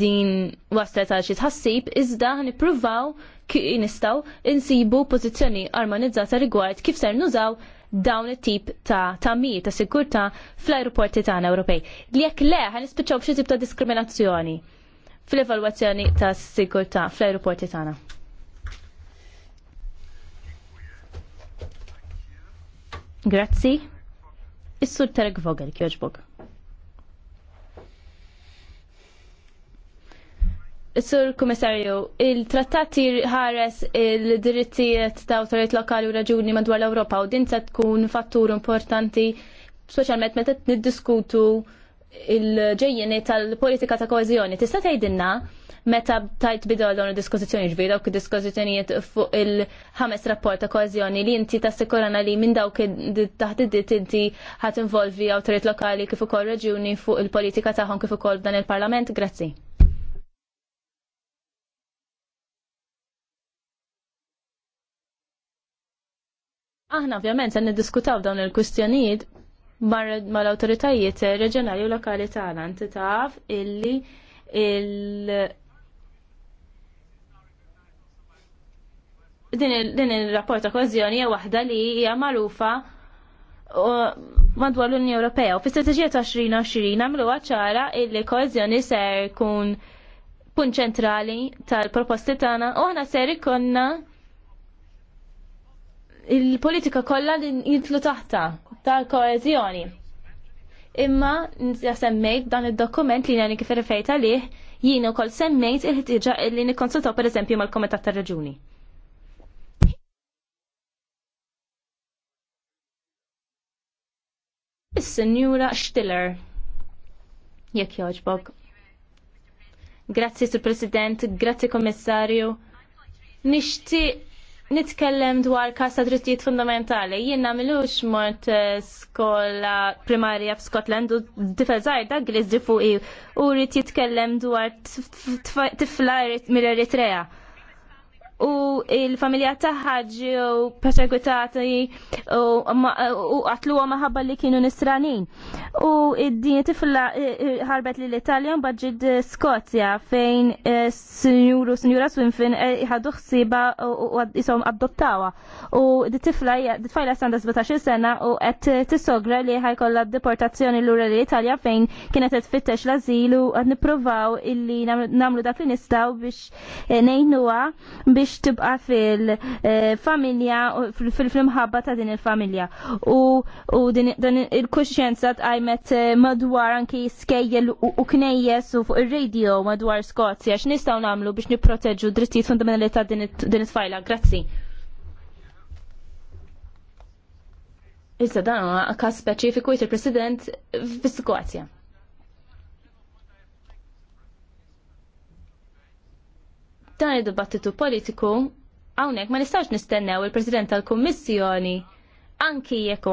din waslet għal xi tħassib iżda nippruvaw nistgħu insibu pożizzjoni armonizzata rigward kif ser nużaw dawn it-tip ta' tammi ta' sigurta fl-aeroporti tagħna Ewropej. Li jekk le ħan nispiċċaw xi tip ta' diskriminazzjoni fl-evalwazzjoni ta' sigurta fl-aeroporti tagħna. Grazzi. Is-sur Terek Vogel kjoġbok. Sur Komissarju, il-trattati ħares il-drittijiet ta' autorit lokali u raġuni madwar l-Ewropa u din se tkun fattur importanti, speċjalment meta niddiskutu il-ġejjeni tal-politika ta' koezjoni. Tista' tgħidilna meta tajt bidaw dawn id-diskożizzjoni ġbir dawk id-diskożizzjonijiet fuq il-ħames rapport ta' koezjoni li inti tassikurana li minn dawk taħdidiet inti ħat involvi awtorit lokali kif ukoll reġjuni fuq il-politika tagħhom kif ukoll dan il-Parlament. Grazzi. Aħna ovvjament se niddiskutaw dawn il-kwistjonijiet mal-autoritajiet reġjonali u lokali tagħna inti taf illi il din il-rapport ta' Kważjoni hija waħda li hija magħrufa madwar l-Unjoni Ewropea u fis-strateġija ta' 2020 għamlu ċara illi Kważjoni ser kun punt ċentrali tal-proposti tagħna u aħna ser ikonna il-politika kollha li jintlu taħta tal-koezjoni. Imma nisja semmejt dan id-dokument li nani kif rifejt għalih jien ukoll semmejt il-ħtieġa li nikkonsultaw pereżempju mal-Komitat tar-Reġuni. Is-Sinjura Stiller. Jekk joġbok. Grazzi, Sur President, grazzi, Kommissarju. Nixtieq nitkellem dwar kasta ta' drittijiet fundamentali. Jien namilux mort skola primarja f'Skotland u difeżar da' glizdi fuq u rrit jitkellem dwar tifla mill-Eritrea u il-familja tagħha u perseguitati u qatluha maħabba li kienu nisranin. U id-din tifla ħarbet l italja mbagħad ġid Skozja fejn e, sinjuru sinjura Swinfin e, ħadu ħsiba u jisom adottawa. U di tifla tfajla standa 17 sena u qed tisogra li ħajkolla deportazzjoni lura l italja fejn kienet t-fittex l azilu għad nippruvaw illi nagħmlu dak li nistaw biex e, ngħinuha biex biex tibqa fil-familja, fil mħabba ta' din il-familja. U, din il-kuxjenza tqajmet eh, madwar anki skejjel u knejjes u fuq ir-radio madwar Skozja x'nistgħu nagħmlu biex nipproteġu drittijiet fundamentali ta' din it-tfajla. Grazzi. Issa dan huwa każ speċifiku jtir President fis-Skozja. dan id-dibattitu politiku hawnhekk ma nistax nistennew il-President tal-Kummissjoni anki jekk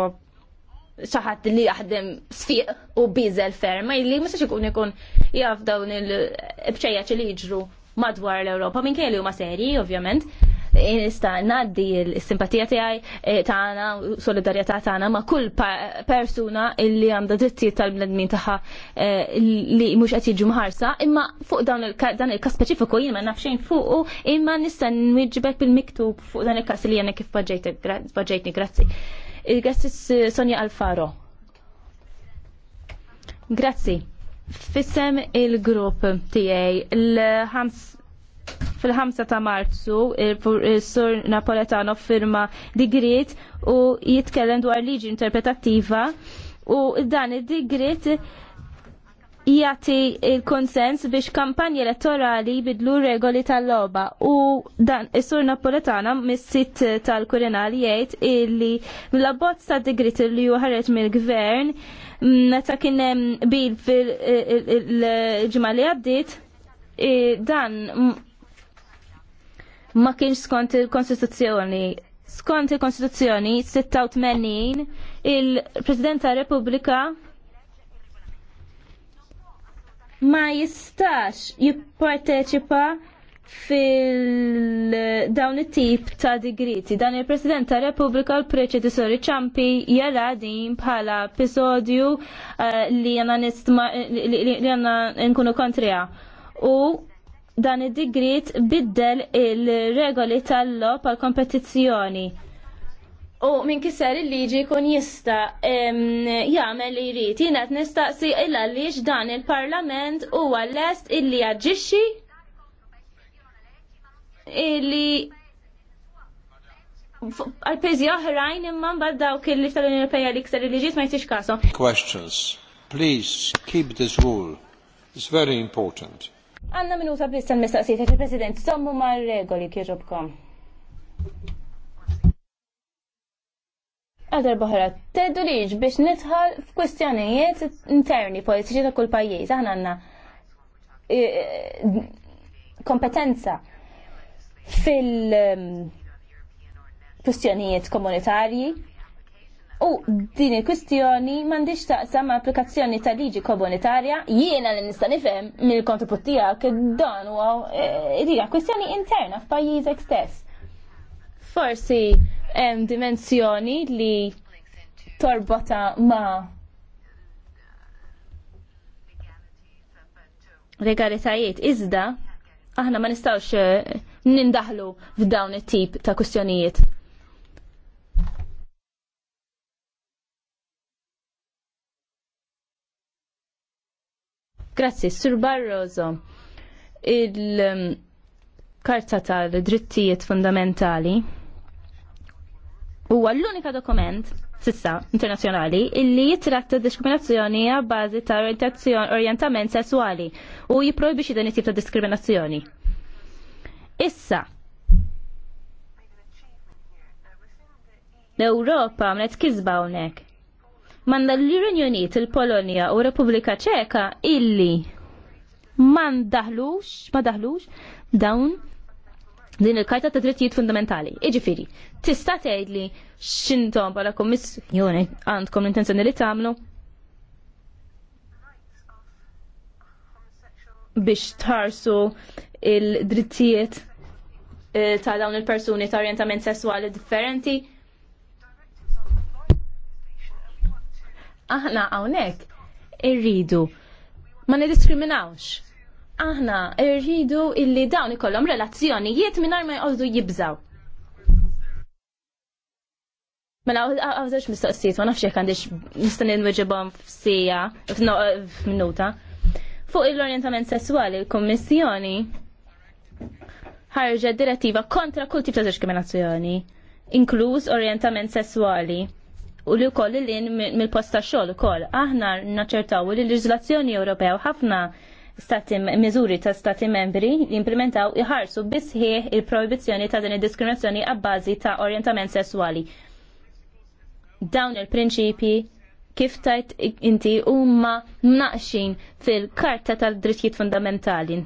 xaħat li jaħdem sfiq u biżel ferm, li ma ikun ikun jaf dawn il-bċejjaċ li jiġru madwar l europa minn kelli huma serji, ovvjament, nista' ngħaddi l-simpatija tiegħi eh, tagħna u solidarjetà tagħna ma' kull persuna illi għandha drittijiet tal-bnedmin tagħha eh, li mhux qed jiġu mħarsa, imma fuq dan il-każ speċifiku jien ma nafxejn fuq, imma nista' nwiġbek bil-miktub fuq dan il-każ li jiena kif baġġejtni, grazzi. Eh, grazzi Sonja Alfaro. Grazzi. Fissem il-grupp tiegħi l-ħams fil-5 ta' marzu il-sur Napoletano firma digrit u jitkellem dwar liġi interpretattiva u dan id-digrit jati il-konsens biex kampanji elettorali bidlu regoli tal-loba u dan is-sur Napoletana mis-sit tal-Kurinal jgħid illi l-abbozz ta' digrit li ħareġ mill-gvern meta kien hemm bil fil-ġimgħa li għaddiet dan ma kienx skont il-Konstituzzjoni. Skont il-Konstituzzjoni 86 il-President ta' Repubblika ma jistax jipparteċipa fil-dawn it-tip ta' digriti. Dan il-President ta' Repubblika l-preċedisori ċampi jara din bħala episodju eh, li jana nkunu kontrija. U dan id-digrit biddel il-regoli tal-lob għal kompetizzjoni. U minn kisser il-liġi kun jista jagħmel li jrid. Jiena qed nistaqsi illa għaliex dan il-Parlament huwa lest illi jaġixxi illi għal-pezi oħrajn imma mbagħad dawk il-li tal-Unjoni Ewropea li kisser il liġi ma jtix kasu. Questions. Please keep this rule. It's very important. Għanna minuta blista l-mistaqsijiet, il-President, sommu ma' regoli kieġobkom. Għadar boħra, teddu liġ biex nitħal f'kwistjonijiet interni politiċi ta' kull pajjiż, aħna għanna e, e, kompetenza fil-kwestjonijiet um, komunitarji, U din il-kwistjoni m'għandix taqsam applikazzjoni ta' liġi komunitarja jiena li nista' nifhem mill-kontribut tiegħek dan huwa eh, dija kwistjoni interna f'pajjiżek stess. Forsi hemm dimensjoni li torbota ma' legalitajiet iżda aħna ma nistgħux eh, nindaħlu f'dawn it-tip ta' kwistjonijiet. Grazzi, Sur Barroso, il-Karta um, tal-Drittijiet Fundamentali huwa l-unika dokument sissa internazzjonali illi jitratta diskriminazzjoni a bażi ta' orientament sessuali u jipprojbixi dan it-tip ta' diskriminazzjoni. Issa, l-Europa mnet kizba hawnhekk manda l-Iran Unit, il-Polonja u Repubblika Ċeka illi man daħlux, ma daħlux dawn din il-karta ta' drittijiet fundamentali. Iġifiri, tista' tgħidli x'intom bħala kommissjoni għandkom l-intenzjoni li tagħmlu biex tħarsu il-drittijiet eh, ta' dawn il-persuni ta' orientament sessuali differenti aħna hawnhekk irridu ma nidiskriminawx. Aħna irridu illi dawn ikollhom relazzjonijiet mingħajr ma jqogħdu jibżaw. Mela, għawżax mistoqsijiet, ma nafx jek għandix nistanin nweġibom f'sija, f'minuta. Fuq il-orientament sessuali, l kommissjoni ħarġa direttiva kontra kull tip ta' diskriminazzjoni, inkluż orientament sessuali u li wkoll li mill-posta xogħol ukoll. Aħna naċċertaw li l-leġiżlazzjoni Ewropea u ħafna stati miżuri ta' stati membri li implementaw iħarsu bisħieħ il-proibizzjoni ta' din id-diskriminazzjoni għabbażi ta' orientament sessuali. Dawn il-prinċipi kif tajt inti huma naqxin fil-karta tal-drittijiet fundamentali.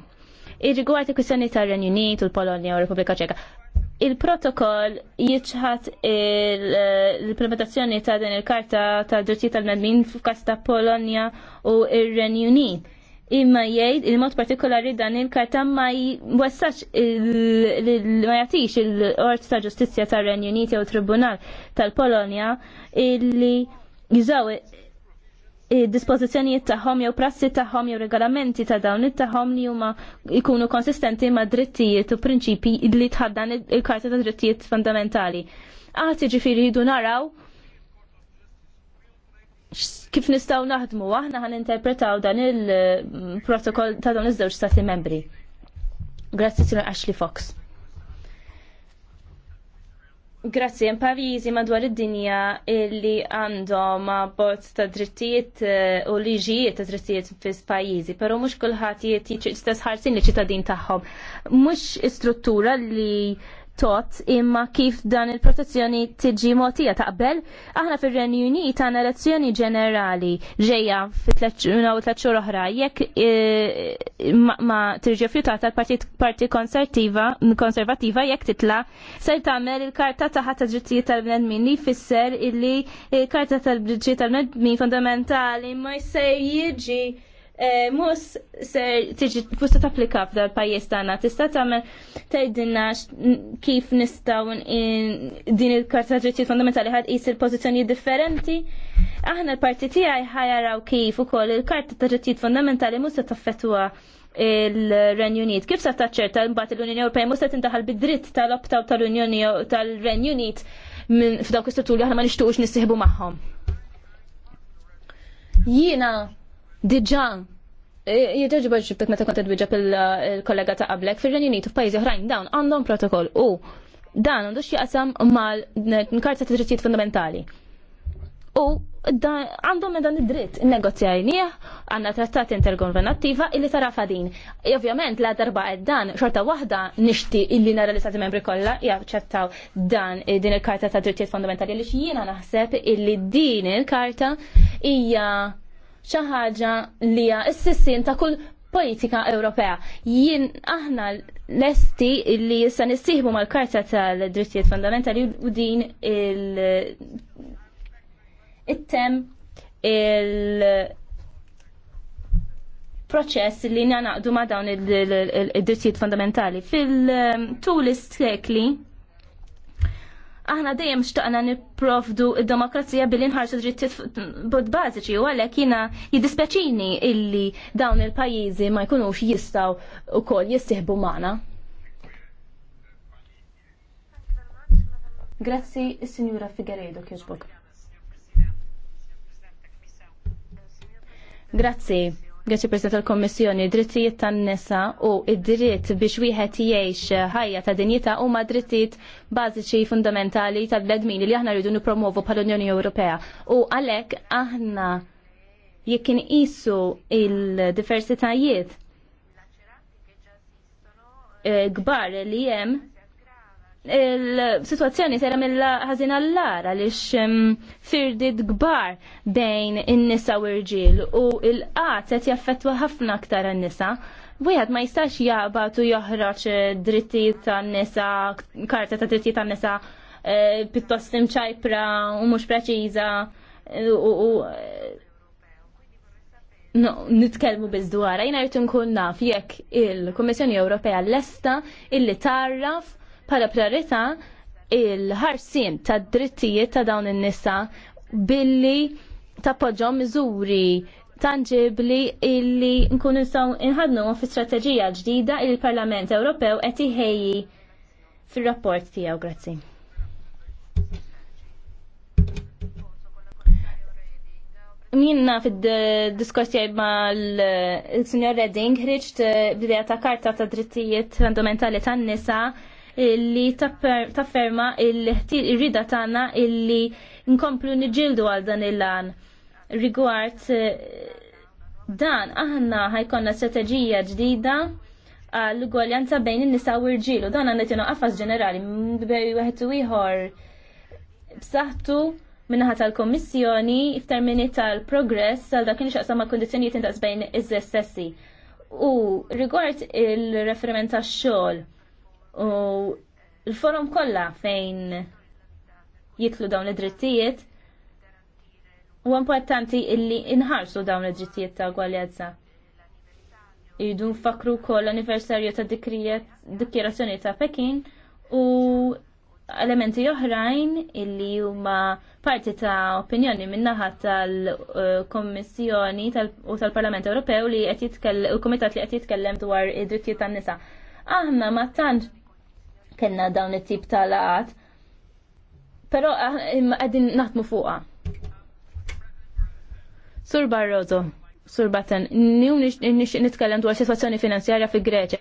Ir-rigward il-kwistjoni tar-Renju Unit u l-Polonja u Repubblika Ċeka, il-protokoll jitxħat eh, l-implementazzjoni ta' din il-karta ta' drittijiet tal-medmin f'kas ta' Polonja u ir-Renju Unit. Imma jgħid il-mod partikolari dan il-karta ma jwassax ma jagħtix il qorti ta' Ġustizzja tar-Renju Unit jew Tribunal tal-Polonja illi jżaw dispożizzjonijiet tagħhom jew prassi tagħhom jew regolamenti ta' dawn it-tagħhom li huma jkunu konsistenti ma' drittijiet u prinċipji li tħaddan il-Karta ta' Drittijiet Fundamentali. Għad jiġifieri jridu naraw kif nistgħu naħdmu aħna ħan interpretaw dan il-protokoll ta' dawn iż-żewġ stati membri. Grazzi Sir Ashley Fox. Grazzi, hemm pajjiżi madwar id-dinja li għandhom bozz ta' drittijiet eh, u liġijiet ta' drittijiet fis pajjiżi, però mhux kullħat jieti jiġi ħarsin li ċittadin tagħhom. Mhux struttura li tot imma kif dan il-protezzjoni tiġi motija taqbel, aħna fil-Renju ta' għandna elezzjoni ġenerali ġejja fit-tlet xhur oħra jekk e, ma tirġi fjutata l-Parti Konservativa jekk titla se tagħmel il-Karta taħat ta' drittijiet tal-bnedmin li jfisser illi il-Karta tal-drittijiet tal-bnedmin fundamentali ma jsejjiġi jiġi Eh, mus ser tiġi fusta tapplika f'dal pajjiż tagħna tista' tagħmel tgħidilna kif nistgħu din il-karta drittijiet fundamentali ħad qis il-pożizzjonijiet differenti. Aħna l-parti tiegħi ħajaraw kif ukoll il-karta ta' drittijiet fundamentali mhux se taffettwa il-Renju Unit. Kif sa taċċerta mbagħad l-Unjoni Ewropea mhux se tintaħal bid-dritt tal-optaw tal-Unjoni tal-Renju Unit f'dawk is li aħna ma nixtuqux nissieħbu magħhom. Jiena diġà e, jidġaġi bħġibtek meta kontet bieġab il-kollega ta' qablek fil-Renju Unitu f'pajjiżi oħrajn dawn għandhom protokoll u dan għandux jaqsam mal-karta ta' drittijiet fundamentali. U għandhom dan id-dritt negozjajnija għanna trattat intergovernattiva illi tara fadin. E, ovvjament la darba dan xorta wahda nishti illi nara li istati membri kolla jaċċettaw dan e, din il-karta ta' drittijiet fundamentali li xiena naħseb illi din il-karta hija xi ħaġa li hija s-sissin ta' kull politika Ewropea. Jien aħna lesti li issa nissieħbu mal-Karta tal-Drittijiet Fundamentali u din il it-tem il proċess li naqdu ma dawn id-drittijiet fundamentali. Fil-tul um, is-sekli aħna dejjem xtaqna nipprovdu id-demokrazija billi nħarsu drittijiet bod bażiċi u għalhekk jiena jiddispjaċini illi dawn il-pajjiżi ma jkunux jistgħu wkoll jissieħbu magħna. Grazzi is-Sinjura Figueredo kieġbok. Grazzi. Għaxi prezident tal-Kommissjoni, drittijiet tan-nisa u id-dritt biex wieħed jgħix ħajja ta' dinjità huma drittijiet bażiċi fundamentali tal-bledmin li aħna rridu nippromovu bħall-Unjoni Ewropea. U għalhekk aħna jekk inqisu il-diversitajiet kbar eh, li hemm il-situazzjoni sera mill ħazina l-lara li firdid gbar bejn in-nisa u rġil u il-qat set jaffetwa ħafna aktar n-nisa. Wieħed ma jistax jaqbad u joħroġ dritti tan-nisa, karta ta' dritti tan-nisa e, pittost imċajpra u mhux preċiża e, u e, No, nitkelmu biz dwar, jina jirtu nkun naf jekk il-Kommissjoni Ewropea l-esta illi tarraf Pala priorità il-ħarsim ta' drittijiet ta' dawn in-nisa billi tappoġġaw miżuri tangibli illi nkun nistgħu inħadnu fi strateġija ġdida il parlament Ewropew qed iħejji fir-rapport tiegħu grazzi. Minna fid-diskors tiegħi mal signor Redding ħriġt bidea ta' karta ta' drittijiet fundamentali tan-nisa li tafferma il-rida tagħna illi nkomplu nġildu għal dan il-lan. Rigward eh, dan aħna ħajkonna strategija ġdida għall-ugwaljanza bejn in-nisa u rġilu. u dan għandna tienu għafas ġenerali bej wieħed u ieħor b'saħħtu minnaħat tal-Kommissjoni f'termini tal-progress għal dak xaqsa ma' kundizzjonijiet intaqs bejn iż-sessi. U rigward il-referiment tax-xogħol, U l-forum kollha fejn jitlu dawn id-drittijiet u importanti illi inħarsu dawn id-drittijiet ta' gwaljanza. Idu nfakru kol l-anniversarju ta' dikjerazzjoni ta' Pekin u elementi oħrajn illi huma parti ta' opinjoni minnaħa tal-Kommissjoni u tal-Parlament Ewropew li qed jitkellem u komitat li qed jitkellem dwar id-drittijiet tan-nisa. Aħna ma tant kena dawn it-tip ta' laqat. Però ah, qegħdin naħdmu fuqha. Sur Barroso, Sur Batten, new nix nitkellem dwar situazzjoni finanzjarja fi Greċja.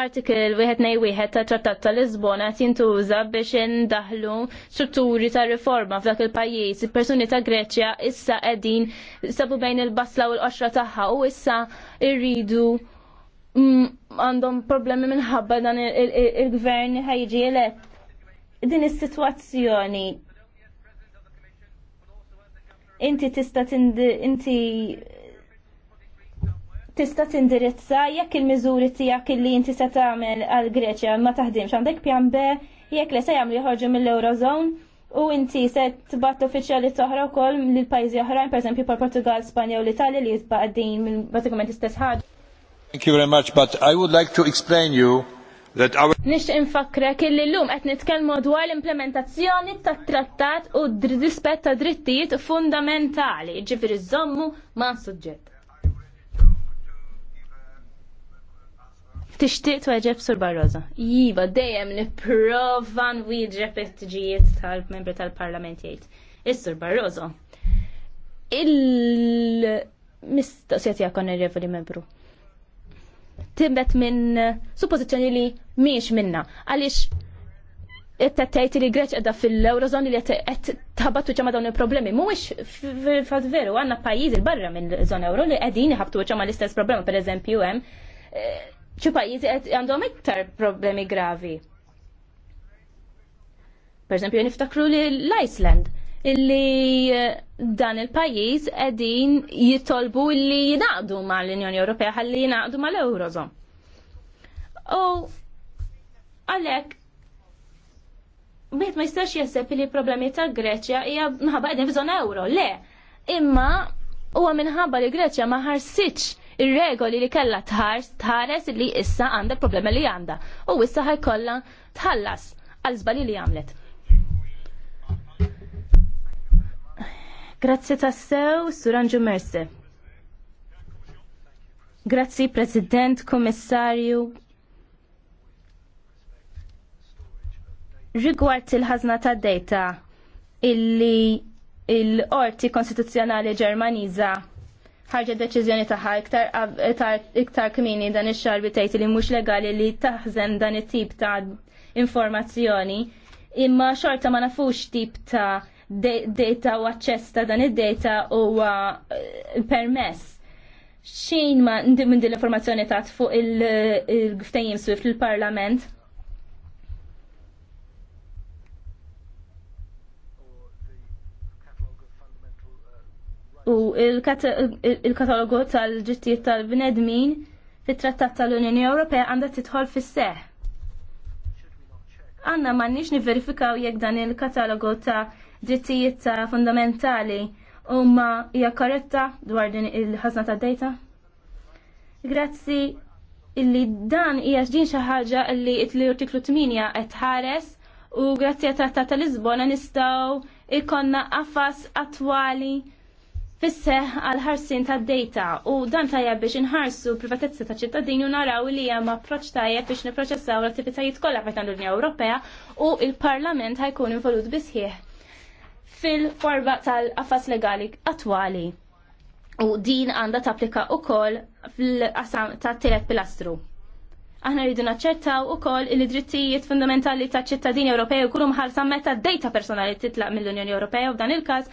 Artikel 1.1 ta' Trattat ta' Lisbona tintuża biex indaħlu strutturi ta' riforma f'dak il-pajjiż. Il-persuni ta' Greċja issa qegħdin sabu bejn il-basla u l-qoxra tagħha u issa irridu Mm, għandhom problemi minħabba dan il-gvern ħajġi elett. Din is-sitwazzjoni inti tista' inti tista' tindirizza jekk il-miżuri tiegħek illi inti se tagħmel għal Greċja ma taħdimx għandek pjan B jekk li se jagħmlu joħorġu mill-Eurozone u inti se tbatt uffiċjali toħra wkoll lil pajjiżi oħrajn, pereżempju pal Portugal, Spanja u l-Italja li jitbaqdin mill batikament istess ħaġa. Thank you very much, but I would like to explain you that our... Nix infakrek illi l-lum għet nitkelmu dwar l-implementazzjoni ta' trattat u d rispett ta' drittijiet fundamentali, ġifiri zommu ma' suġġett. Tixtieq tweġeb sur Barroza. Iva, dejjem nipprova jidġeb it ġijiet tal-membri tal-Parlament jgħid. Is-sur Barroza. Il-mistoqsija tiegħek il revoli membru timbet minn suppozizjoni li miex minna. Għaliex it-tettajt li Greċ edha fil-Eurozoni li qed tħabbat ċama dawn il-problemi. Mhuwiex fat veru għandna pajjiżi barra minn żona euro li qegħdin ħabtu ċama l-istess problema, pereżempju hemm ċi eh, pajjiżi qed għandhom iktar problemi gravi. Per niftakru li l-Iceland illi eh, dan il-pajis edin jitolbu illi jinaqdu ma l-Unjoni Ewropea ħalli jinaqdu ma l-Eurozon. U għalek, bħet ma jistax jesseb li problemi ta' Greċja hija nħabba edin f'żon euro, le, imma huwa minħabba li Greċja ma ħarsitx ir-regoli li kellha tħares tħares li issa għandha problemi li għandha u issa ħajkollha tħallas għal żbali li għamlet. Grazzi tassew, Suranġu Merse. Grazzi, President, Komissarju. Rigward il-ħazna ta' data illi il-qorti konstituzjonali ġermaniza ħarġa deċiżjoni taħħa iktar, iktar kmini dan ix-xar bitejt li mhux legali li taħżen dan it-tip ta' informazzjoni imma xorta ma nafux tip ta' data u aċċess ta' dan id-data u eh, permess. Xejn ma minn din l-informazzjoni ta' fuq il-ftejjim swift fil parlament U il-katalogu tal-ġittijiet tal-bnedmin fit-trattat tal-Unjoni Ewropea għandha titħol fis-seħ għanna nix niverifikaw jekk dan il-katalogu ta' drittijiet fundamentali huma hija korretta dwar din il-ħazna ta' data? Grazzi illi dan hija ġin xi ħaġa li l-artiklu 8 qed ħares u grazzi għat trattat ta' Lisbona nistgħu ikonna qafas attwali fisseħ għal ħarsin ta' data u dan tajja biex inħarsu privatezza ta' ċittadini u naraw li hemm approċċ tajjeb biex niproċessaw l-attivitajiet kollha fejn l-Unja Ewropea u il-Parlament ħajkun involut bisħieħ fil forba tal affas legali attwali. U din għandha tapplika wkoll fil-qasam ta' telet pilastru. Aħna rridu u ukoll il-drittijiet fundamentali taċ ċittadini Ewropej jkunu mħarsa meta d-dejta personali titlaq mill-Unjoni Ewropej u f'dan il-każ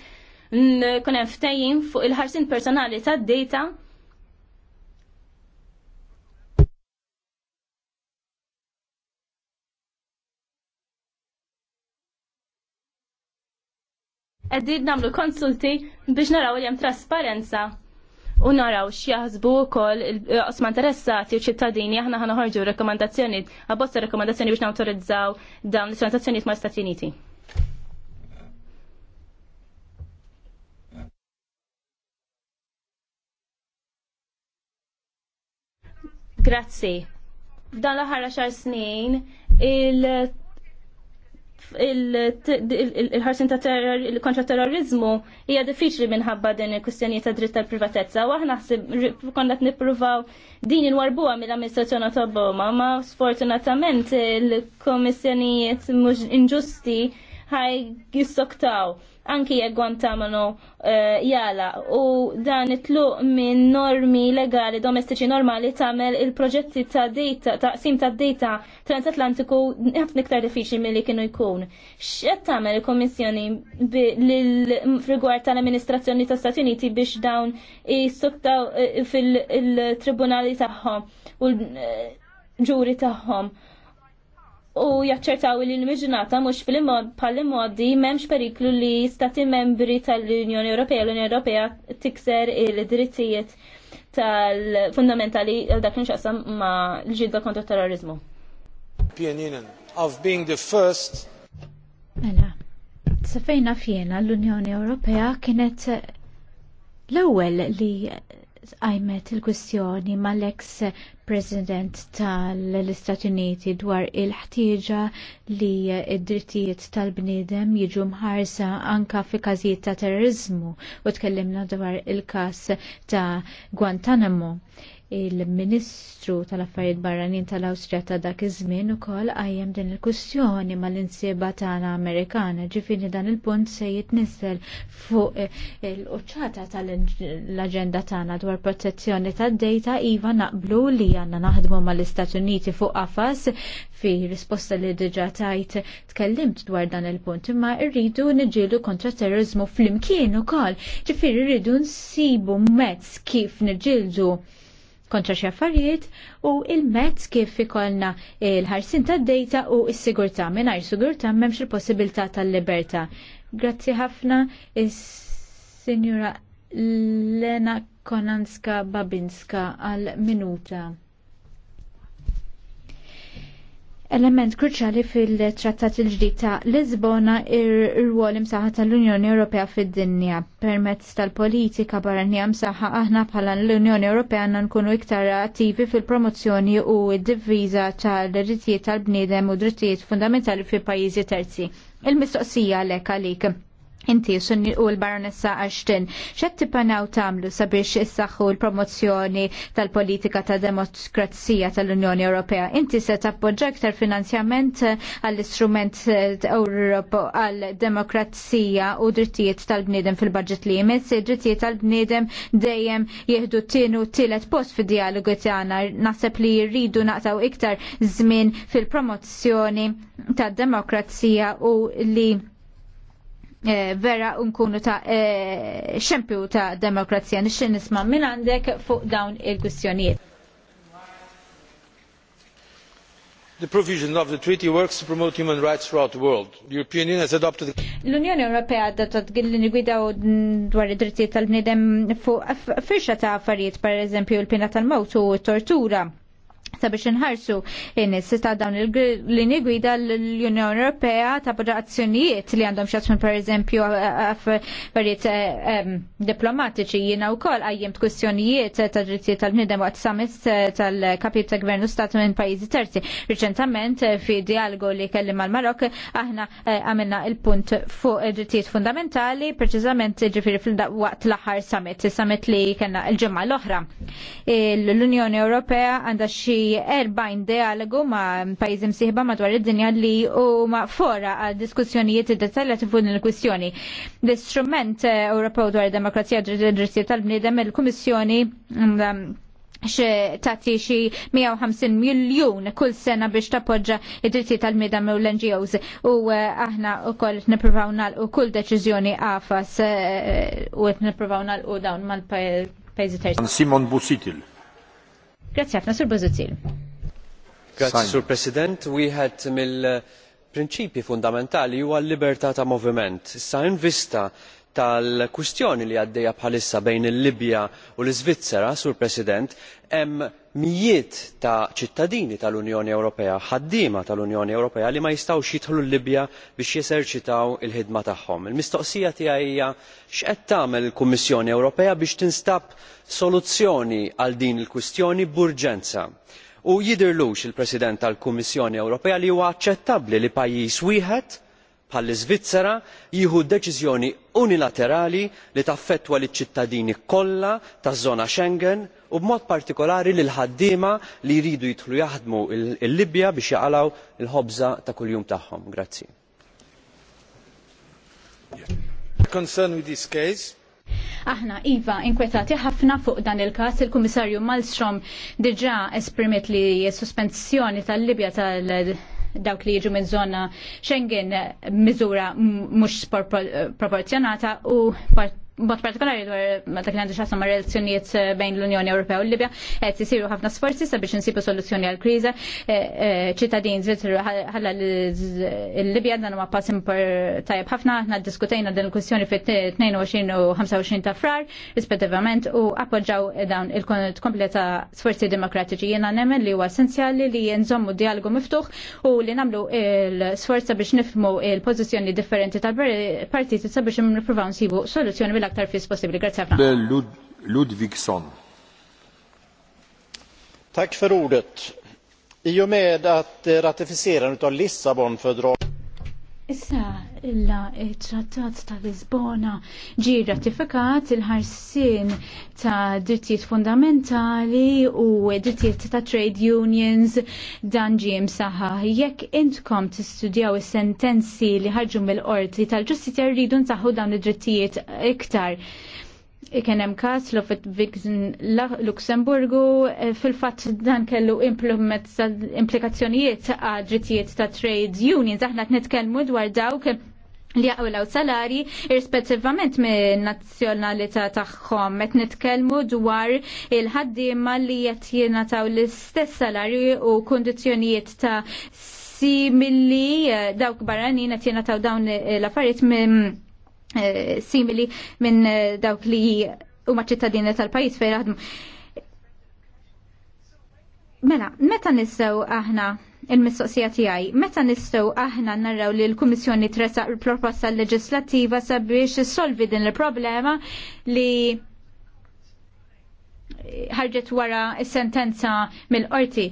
kun hemm ftehim fuq il-ħarsin personali tad-dejta qegħdin nagħmlu konsulti biex naraw li hemm trasparenza u naraw x'jaħsbu wkoll qosma interessati u ċittadini aħna ħarġu rekomandazzjoni abbozza rekomandazzjoni biex nawtorizzaw dawn l-istantazzjonijiet mal Stati Uniti. Grazzi. F'dan l-ħarra xar snin il- il-ħarsin ta' kontra terrorizmu hija diffiċli minħabba din il-kwistjoni ta' dritt tal-privatezza. U aħna ħsib konna qed nippruvaw din inwarbuha mill-amministrazzjoni ta' Obama, ma sfortunatament il-komissjonijiet mhux inġusti ħaj jissoktaw anki jekk għantamano uh, eh, jala u dan itluq minn normi legali domestiċi normali tagħmel il-proġetti ta' data, ta' sim ta' data transatlantiku ħafna iktar diffiċli milli kienu jkun. X'qed tagħmel il-Kommissjoni rigward tal-amministrazzjoni ta' Stati Uniti biex dawn jissuktaw eh, fil-tribunali tagħhom u l-ġuri eh, tagħhom u jaċċertaw li l-miġnata mhux fil-mod pal-modi m'hemmx periklu li stati membri tal-Unjoni Ewropea l-Unjoni Ewropea tikser il-drittijiet tal-fundamentali dak nxaqsam ma l-ġidda kontra terrorizmu. of being the first Mela, sefejna fjena l-Unjoni Ewropea kienet l-ewwel li għajmet il-kwistjoni mal eks President tal-Istati Uniti dwar il-ħtieġa li id-drittijiet tal-bniedem jiġu mħarsa anka fi każijiet ta' terrorizmu u tkellimna dwar il-każ ta' Guantanamo. Il-Ministru tal-Affarijiet Barranin tal-Awstrija ta' dak iż-żmien ukoll qajjem din il-kwistjoni mal-insieba tagħna Amerikana, ġifieri dan il-punt se jitnissel fuq il-quċċata tal-aġenda tagħna dwar protezzjoni tad-dejta iva naqblu li għanna naħdmu mal-Istati Uniti fuq għafas fi risposta li diġa tajt tkellimt dwar dan il-punt imma irridu nġilu kontra terrorizmu fl-imkien ukoll. ġifir rridu nsibu mezz kif niġildu kontra xi affarijiet u il-mezz kif ikollna il-ħarsin tad-dejta u s-sigurtà mingħajr sigurtà m'hemmx il-possibilità tal-libertà. Grazzi ħafna is-Sinjura Lena Konanska Babinska għal minuta element kruċali fil-trattat il-ġdid ta' Lisbona ir-rwol imsaħħa tal-Unjoni Ewropea fid-dinja. Permezz tal-politika barranija msaħħa aħna bħala l-Unjoni Ewropea għandna nkunu iktar attivi fil-promozzjoni u d-divviża tal-drittijiet tal-bniedem u drittijiet fundamentali fi pajjiżi terzi. Il-mistoqsija lek għalik inti sunni u l-baronessa Ashton, xed tipanaw tamlu sabiex issaħħu l-promozzjoni tal-politika ta' demokrazija tal-Unjoni Ewropea? Inti se tappoġġa iktar finanzjament eh, għall-istrument eh, għall-demokrazija u drittijiet tal-bniedem fil-budget li jmiss, drittijiet tal-bniedem dejjem jieħdu tienu tilet post fid dialogu tagħna. Naħseb li jirridu naqtaw iktar żmien fil-promozzjoni tad-demokrazija u li Eh, vera unkunu ta' eh, xempju ta' demokrazija nixin nisma' minn għandek fuq dawn il-kwistjonijiet. The provision of the treaty works to promote human rights throughout the world. The European Union has adopted L-Unjoni Ewropea għaddat għillin gwida dwar id-drittijiet tal-bnidem fuq firxa ta' affarijiet, per eżempju, il pina tal-mawt u t-tortura sabiex inħarsu in-nies ta' dawn il-lini gwida l-Unjoni Ewropea ta' azzjonijiet li għandhom xasmin per eżempju affarijiet eh, diplomatiċi jiena wkoll għajjem kwistjonijiet ta' drittijiet tal-bniedem waqt summit eh, tal-kapit ta' gvernu stat minn pajjiżi terzi. Riċentament eh, fi dialogu li kelli mal-Marok aħna għamilna il-punt fuq drittijiet fundamentali preċiżament ġifiri waqt l-aħħar summit, summit li kellna l-ġimgħa l-oħra. L-Unjoni Ewropea għandha xi erbajn dialogu ma' pajjiżi msieħba madwar id-dinja li ma' fora għal diskussjonijiet id dettaljati fuq il-kwistjoni. L-istrument eh, Ewropew dwar id-demokrazija drittijiet tal-bniedem il-Kummissjoni mm, tati xi 150 miljun kull sena biex tappoġġa id-dritti tal-midam u l-NGOs u eh, aħna u koll nipruvaw u kull deċiżjoni għafas eh, u nipruvaw u dawn mal-pajzi Simon Busitil. Grazie ħafna, Sur Bożuzzil. Grazie, Sur President. Wieħed mill-prinċipji eh, fundamentali huwa l-libertà ta' moviment. Issa invista tal-kwistjoni li għaddejja bħalissa bejn il-Libja u l-Iżvizzera, Sur President, hemm mijiet ta' ċittadini tal-Unjoni Ewropea, ħaddiema tal-Unjoni Ewropea li ma jistgħux jidħlu l-Libja biex jeserċitaw il-ħidma tagħhom. Il-mistoqsija tiegħi hija x'qed tagħmel il-Kummissjoni Ewropea biex tinstab soluzzjoni għal din il-kwistjoni b'urġenza u jidhirlux il-President tal-Kummissjoni Ewropea li huwa aċċettabbli li pajjiż wieħed bħall iżvizzera jieħu deċiżjoni unilaterali li taffettwa liċ ċittadini kollha taż-żona schengen u b'mod partikolari lil ħaddiema li jridu jidħlu jaħdmu l libja biex jaqalgħu l ħobża ta' kuljum tagħhom. Aħna Iva inkwetati ħafna fuq dan il-każ il-Kummissarju Malmstrom diġà esprimiet li s-sospensjoni tal-Libja tal dawk li jiġu minn zona Schengen miżura mhux proporzjonata u part Mod partikolari dwar meta kien għandu xasam relazzjonijiet eh, bejn l-Unjoni Ewropea u l-Libja, qed isiru ħafna sforzi sabiex insibu soluzzjoni għal kriża. Eh, eh, Ċittadin Zvitru ħalla l-Libja dan huwa pass tajjeb ħafna, aħna ddiskutejna din il kwistjoni fit-22 u 25 ta' frar, rispettivament, u appoġġaw dawn il-kompleta sforzi demokratiċi. Jiena nemmen li huwa essenzjali li nżommu dialogu miftuħ u li nagħmlu l-sforza biex nifhmu il-pożizzjoni differenti tal-partiti sabiex nippruvaw nsibu soluzzjoni l aktar fis possibbli. Grazie ħafna. Ludvigsson. Tack för ordet. I och med att eh, ratificerandet av Lissabonfördraget Issa, il-trattat ta' Lisbona ġi ratifikat il-ħarsin ta' drittijiet fundamentali u drittijiet ta' trade unions dan ġi saħa. Jekk intkom tistudjaw is-sentenzi li ħarġu mill-qorti tal-ġustizja rridu nsaħħu dawn id-drittijiet iktar. Ikien hemm każ lo fit Luxemburgu eh, fil-fatt dan kellu implikazzjonijiet għal drittijiet ta' trade unions. Aħna qed nitkellmu dwar dawk li jaqlaw salari irrispettivament minn nazzjonalità tagħhom. Qed nitkellmu dwar il-ħaddiema li qed jingħataw l-istess salari u kundizzjonijiet ta' simili eh, dawk barranin qed jingħataw dawn l-affarijiet minn Eh, simili minn eh, dawk li huma ċittadini tal-pajjiż fejn jaħdmu. Mela, meta nistgħu aħna il-mistoqsija tiegħi, meta nistgħu aħna narraw li l-Kummissjoni tresaq proposta leġislattiva sabiex issolvi din il-problema li ħarġet wara s sentenza mill-qorti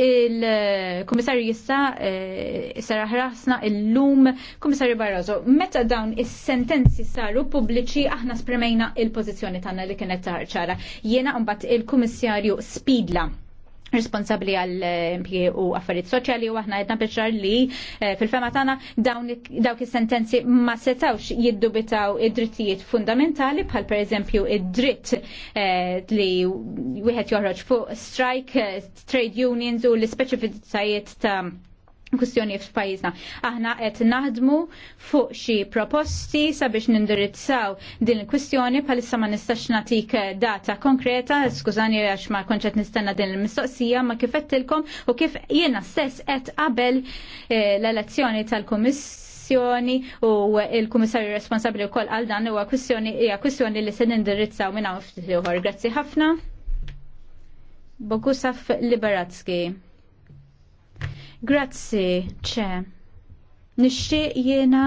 il-komissarju jissa eh, sara ħrasna il-lum komissarju Barroso, meta dawn is-sentenzi saru pubbliċi aħna spremejna il-pożizzjoni tagħna li kienet ċara. Jiena mbagħad il-komissarju Spidla responsabli għal eh, impjie u affarijiet soċjali u aħna jedna bieċar li eh, fil-fema tagħna dawk is-sentenzi ma setawx jiddubitaw id-drittijiet fundamentali bħal pereżempju id-dritt eh, li wieħed joħroġ fuq strike, trade unions u l-ispeċifitajiet ta' kwistjoni f'pajjiżna. Aħna qed naħdmu fuq xi proposti sabiex nindirizzaw din il-kwistjoni bħalissa ma nistax nagħtik data konkreta, skużani għax ma kontx qed nistenna din il-mistoqsija, ma kif qedtilkom u kif jiena stess qed qabel eh, l-elezzjoni tal-Kummissjoni u il-Kummissarju responsabbli wkoll għal dan huwa kwistjoni hija kwistjoni li se nindirizzaw minn hawn ftit ieħor. Grazzi ħafna. Bogusaf Liberatski. Grazzi, ċe. Nixtieq jiena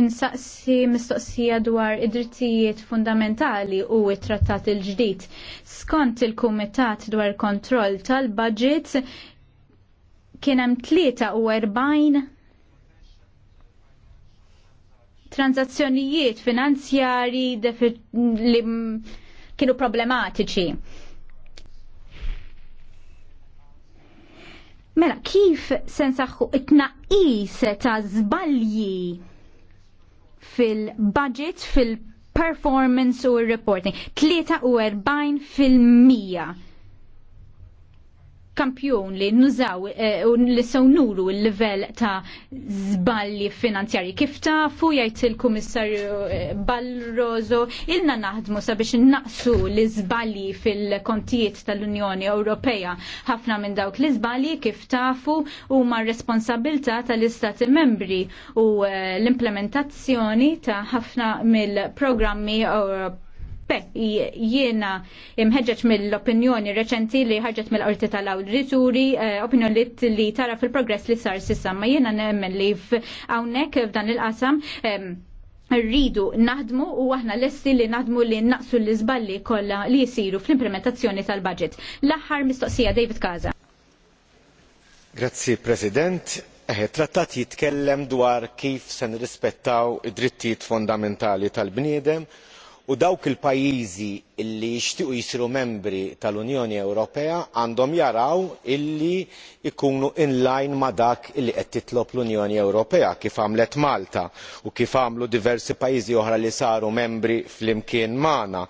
insaqsi mistoqsija dwar id-drittijiet fundamentali u it-trattat il-ġdid. Skont il-Kumitat dwar kontroll tal-budget kien hemm 43 tranzazzjonijiet finanzjari li kienu problematiċi Mela, kif sensaħu it-naqis ta' zbalji fil-budget, fil-performance u reporting? 43 fil-mija kampjon li nużaw eh, li sewnuru il-level ta' zballi finanzjari. Kif tafu jgħid il-Kummissarju eh, Balrozo, ilna naħdmu sabiex naqsu l zballi fil-kontijiet tal-Unjoni Ewropea. Ħafna minn dawk l zballi kif tafu huma responsabilta tal-Istati membri u eh, l-implementazzjoni ta' ħafna mill-programmi Ewropea Be, jiena imħeġġeġ mill-opinjoni reċenti li ħarġet mill-qorti tal-awdituri, eh, opinjoni li tara fil-progress li sar sissa, ma jiena nemmen li f'hawnhekk f'dan il-qasam rridu naħdmu u aħna l-essi li naħdmu li naqsu l-iżballi kollha li jisiru fl-implementazzjoni tal-budget. L-aħħar mistoqsija David Kaza. Grazzi President. Eh, trattat jitkellem dwar kif se rispettaw id-drittijiet fondamentali tal-bniedem u dawk il pajjiżi illi jixtiequ jsiru membri tal-unjoni ewropea għandhom jaraw illi jkunu in line ma' dak illi qed titlob l-unjoni ewropea kif għamlet malta u kif għamlu diversi pajjiżi oħra li saru membri flimkien magħna.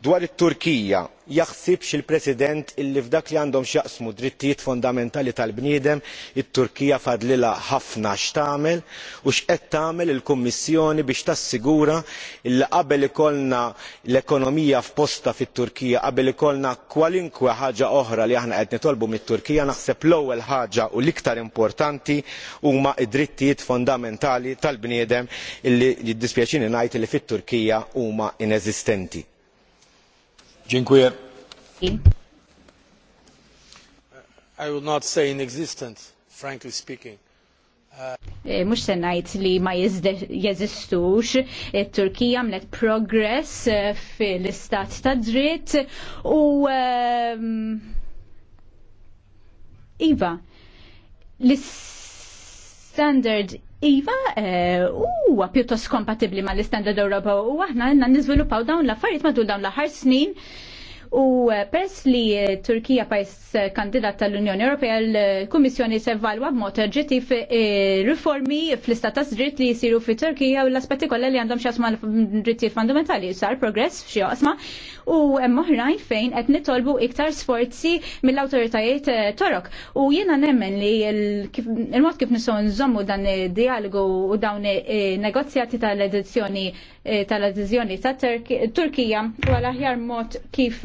dwar it-turkija jaħsibx il president illi f'dak li għandhom x'jaqsmu drittijiet fondamentali tal bniedem it turkija fadlilha ħafna x'tagħmel u x'qed tagħmel il kummissjoni biex tassigura illi qabel ikollna l ekonomija proposta fit turkija qabel ikollna kwalinkwe ħaġa oħra li aħna qed nitolbu mit turkija naħseb l ewwel ħaġa u l-iktar importanti huma d drittijiet fondamentali tal bniedem illi jiddispjaċini ngħid li fit turkija huma ineżistenti. I would not say inexistent, frankly speaking Eh, Mux senajt li ma jeżistux, eh, Turkija mlet progress eh, fil-istat ta' dritt u Iva, l-standard Iva, huwa pjuttost kompatibbli mal istandard Ewropa u aħna għandna niżviluppaw dawn l-affarijiet matul dawn l-aħħar snin U eh, pers li eh, Turkija pajs eh, kandidat tal-Unjoni Ewropea l-Kummissjoni sevalwa b'mod ġittif riformi fl-istat ta' dritt li jisiru fi Turkija u l-aspetti kollha li għandhom xi drittijiet fundamentali sar progress f'xi osma u hemm oħrajn fejn qed nitolbu iktar sforzi mill-awtoritajiet eh, torok. U jiena nemmen li il-mod kif nistgħu nżommu dan id-dialogu u dawn eh, negozjati tal-edizzjoni eh, tal-adizjoni ta' Turkija u għal aħjar mod kif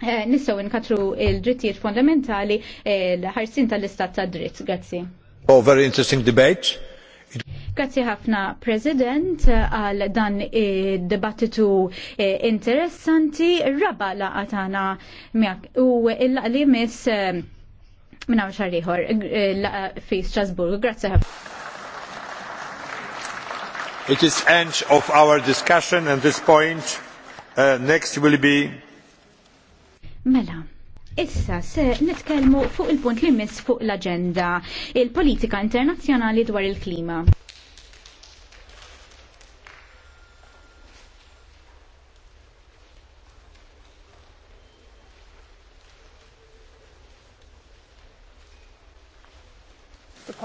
nistgħu nkatru il-drittijiet fondamentali l-ħarsin tal-istat ta' dritt. Grazzi. Oh, very interesting debate. Grazzi ħafna President għal dan id-dibattitu eh, interessanti raba laqatana miak u il-laqli mis eh, minna xarriħor eh, fi Strasburg. Grazie ħafna. It is end of our discussion and this point. Uh, next will be Mela. Issa se nitkellmu fuq il-punt li miss fuq l-agenda, il-politika internazzjonali dwar il-klima.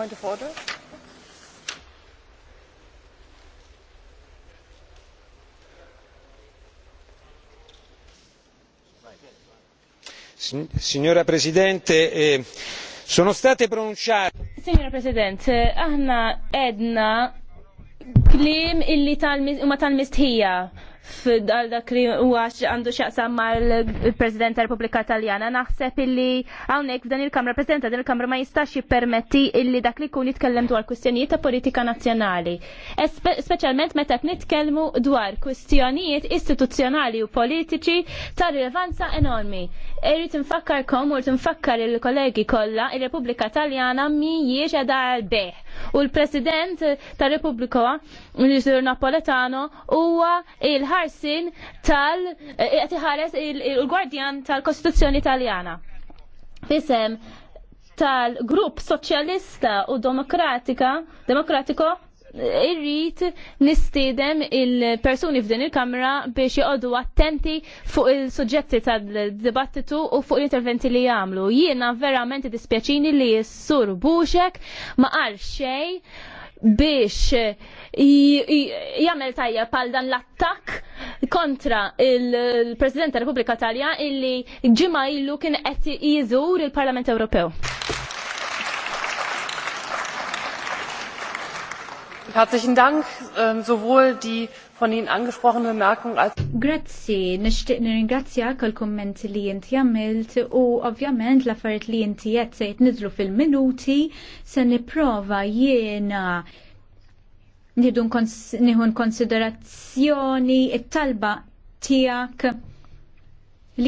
point of order? Signora Presidente, eh, sono state pronunciate. Signora Presidente, aħna edna klim illi tal-mistħija f'dal dak li huwa għandu x'jaqsam mal-President tal-Repubblika Taljana. Naħseb illi hawnhekk f'dan il-Kamra President din il-Kamra ma jistax jippermetti illi dak li jkun jitkellem dwar kwistjonijiet ta' politika nazzjonali. Speċjalment meta qed nitkellmu dwar kwistjonijiet istituzzjonali u politiċi ta' rilevanza enormi Irrid infakkarkom u tinfakkar il-kollegi kollha ir-Repubblika Taljana mhijiex qiegħda għal-beħ. U l-President tar repubblika l Napoletano, huwa il-ħarsin tal eh, ħares il-Gwardjan tal-Kostituzzjoni Taljana. Fisem tal-Grupp Soċjalista u Demokratika, Demokratiko, irrit nistidem il-persuni f'din il-kamra biex joqogħdu attenti fuq il-suġġetti tad-dibattitu u fuq l-interventi li jgħamlu. Jiena verament dispjaċini li s-sur Buxek ma qal xejn biex jagħmel tajja pal dan l-attakk kontra il-President Republika Repubblika Talja illi ġimajlu kien qed jiżur il-Parlament Ewropew. Herzlichen Dank, ähm, sowohl die von Ihnen angesprochene Bemerkung als... Grazzi, nishtiq nirringrazzja kol komment li jinti għamilt u ovvjament l-affariet li jinti jett se nidlu fil-minuti se niprofa jiena nidun kons konsiderazzjoni it-talba tijak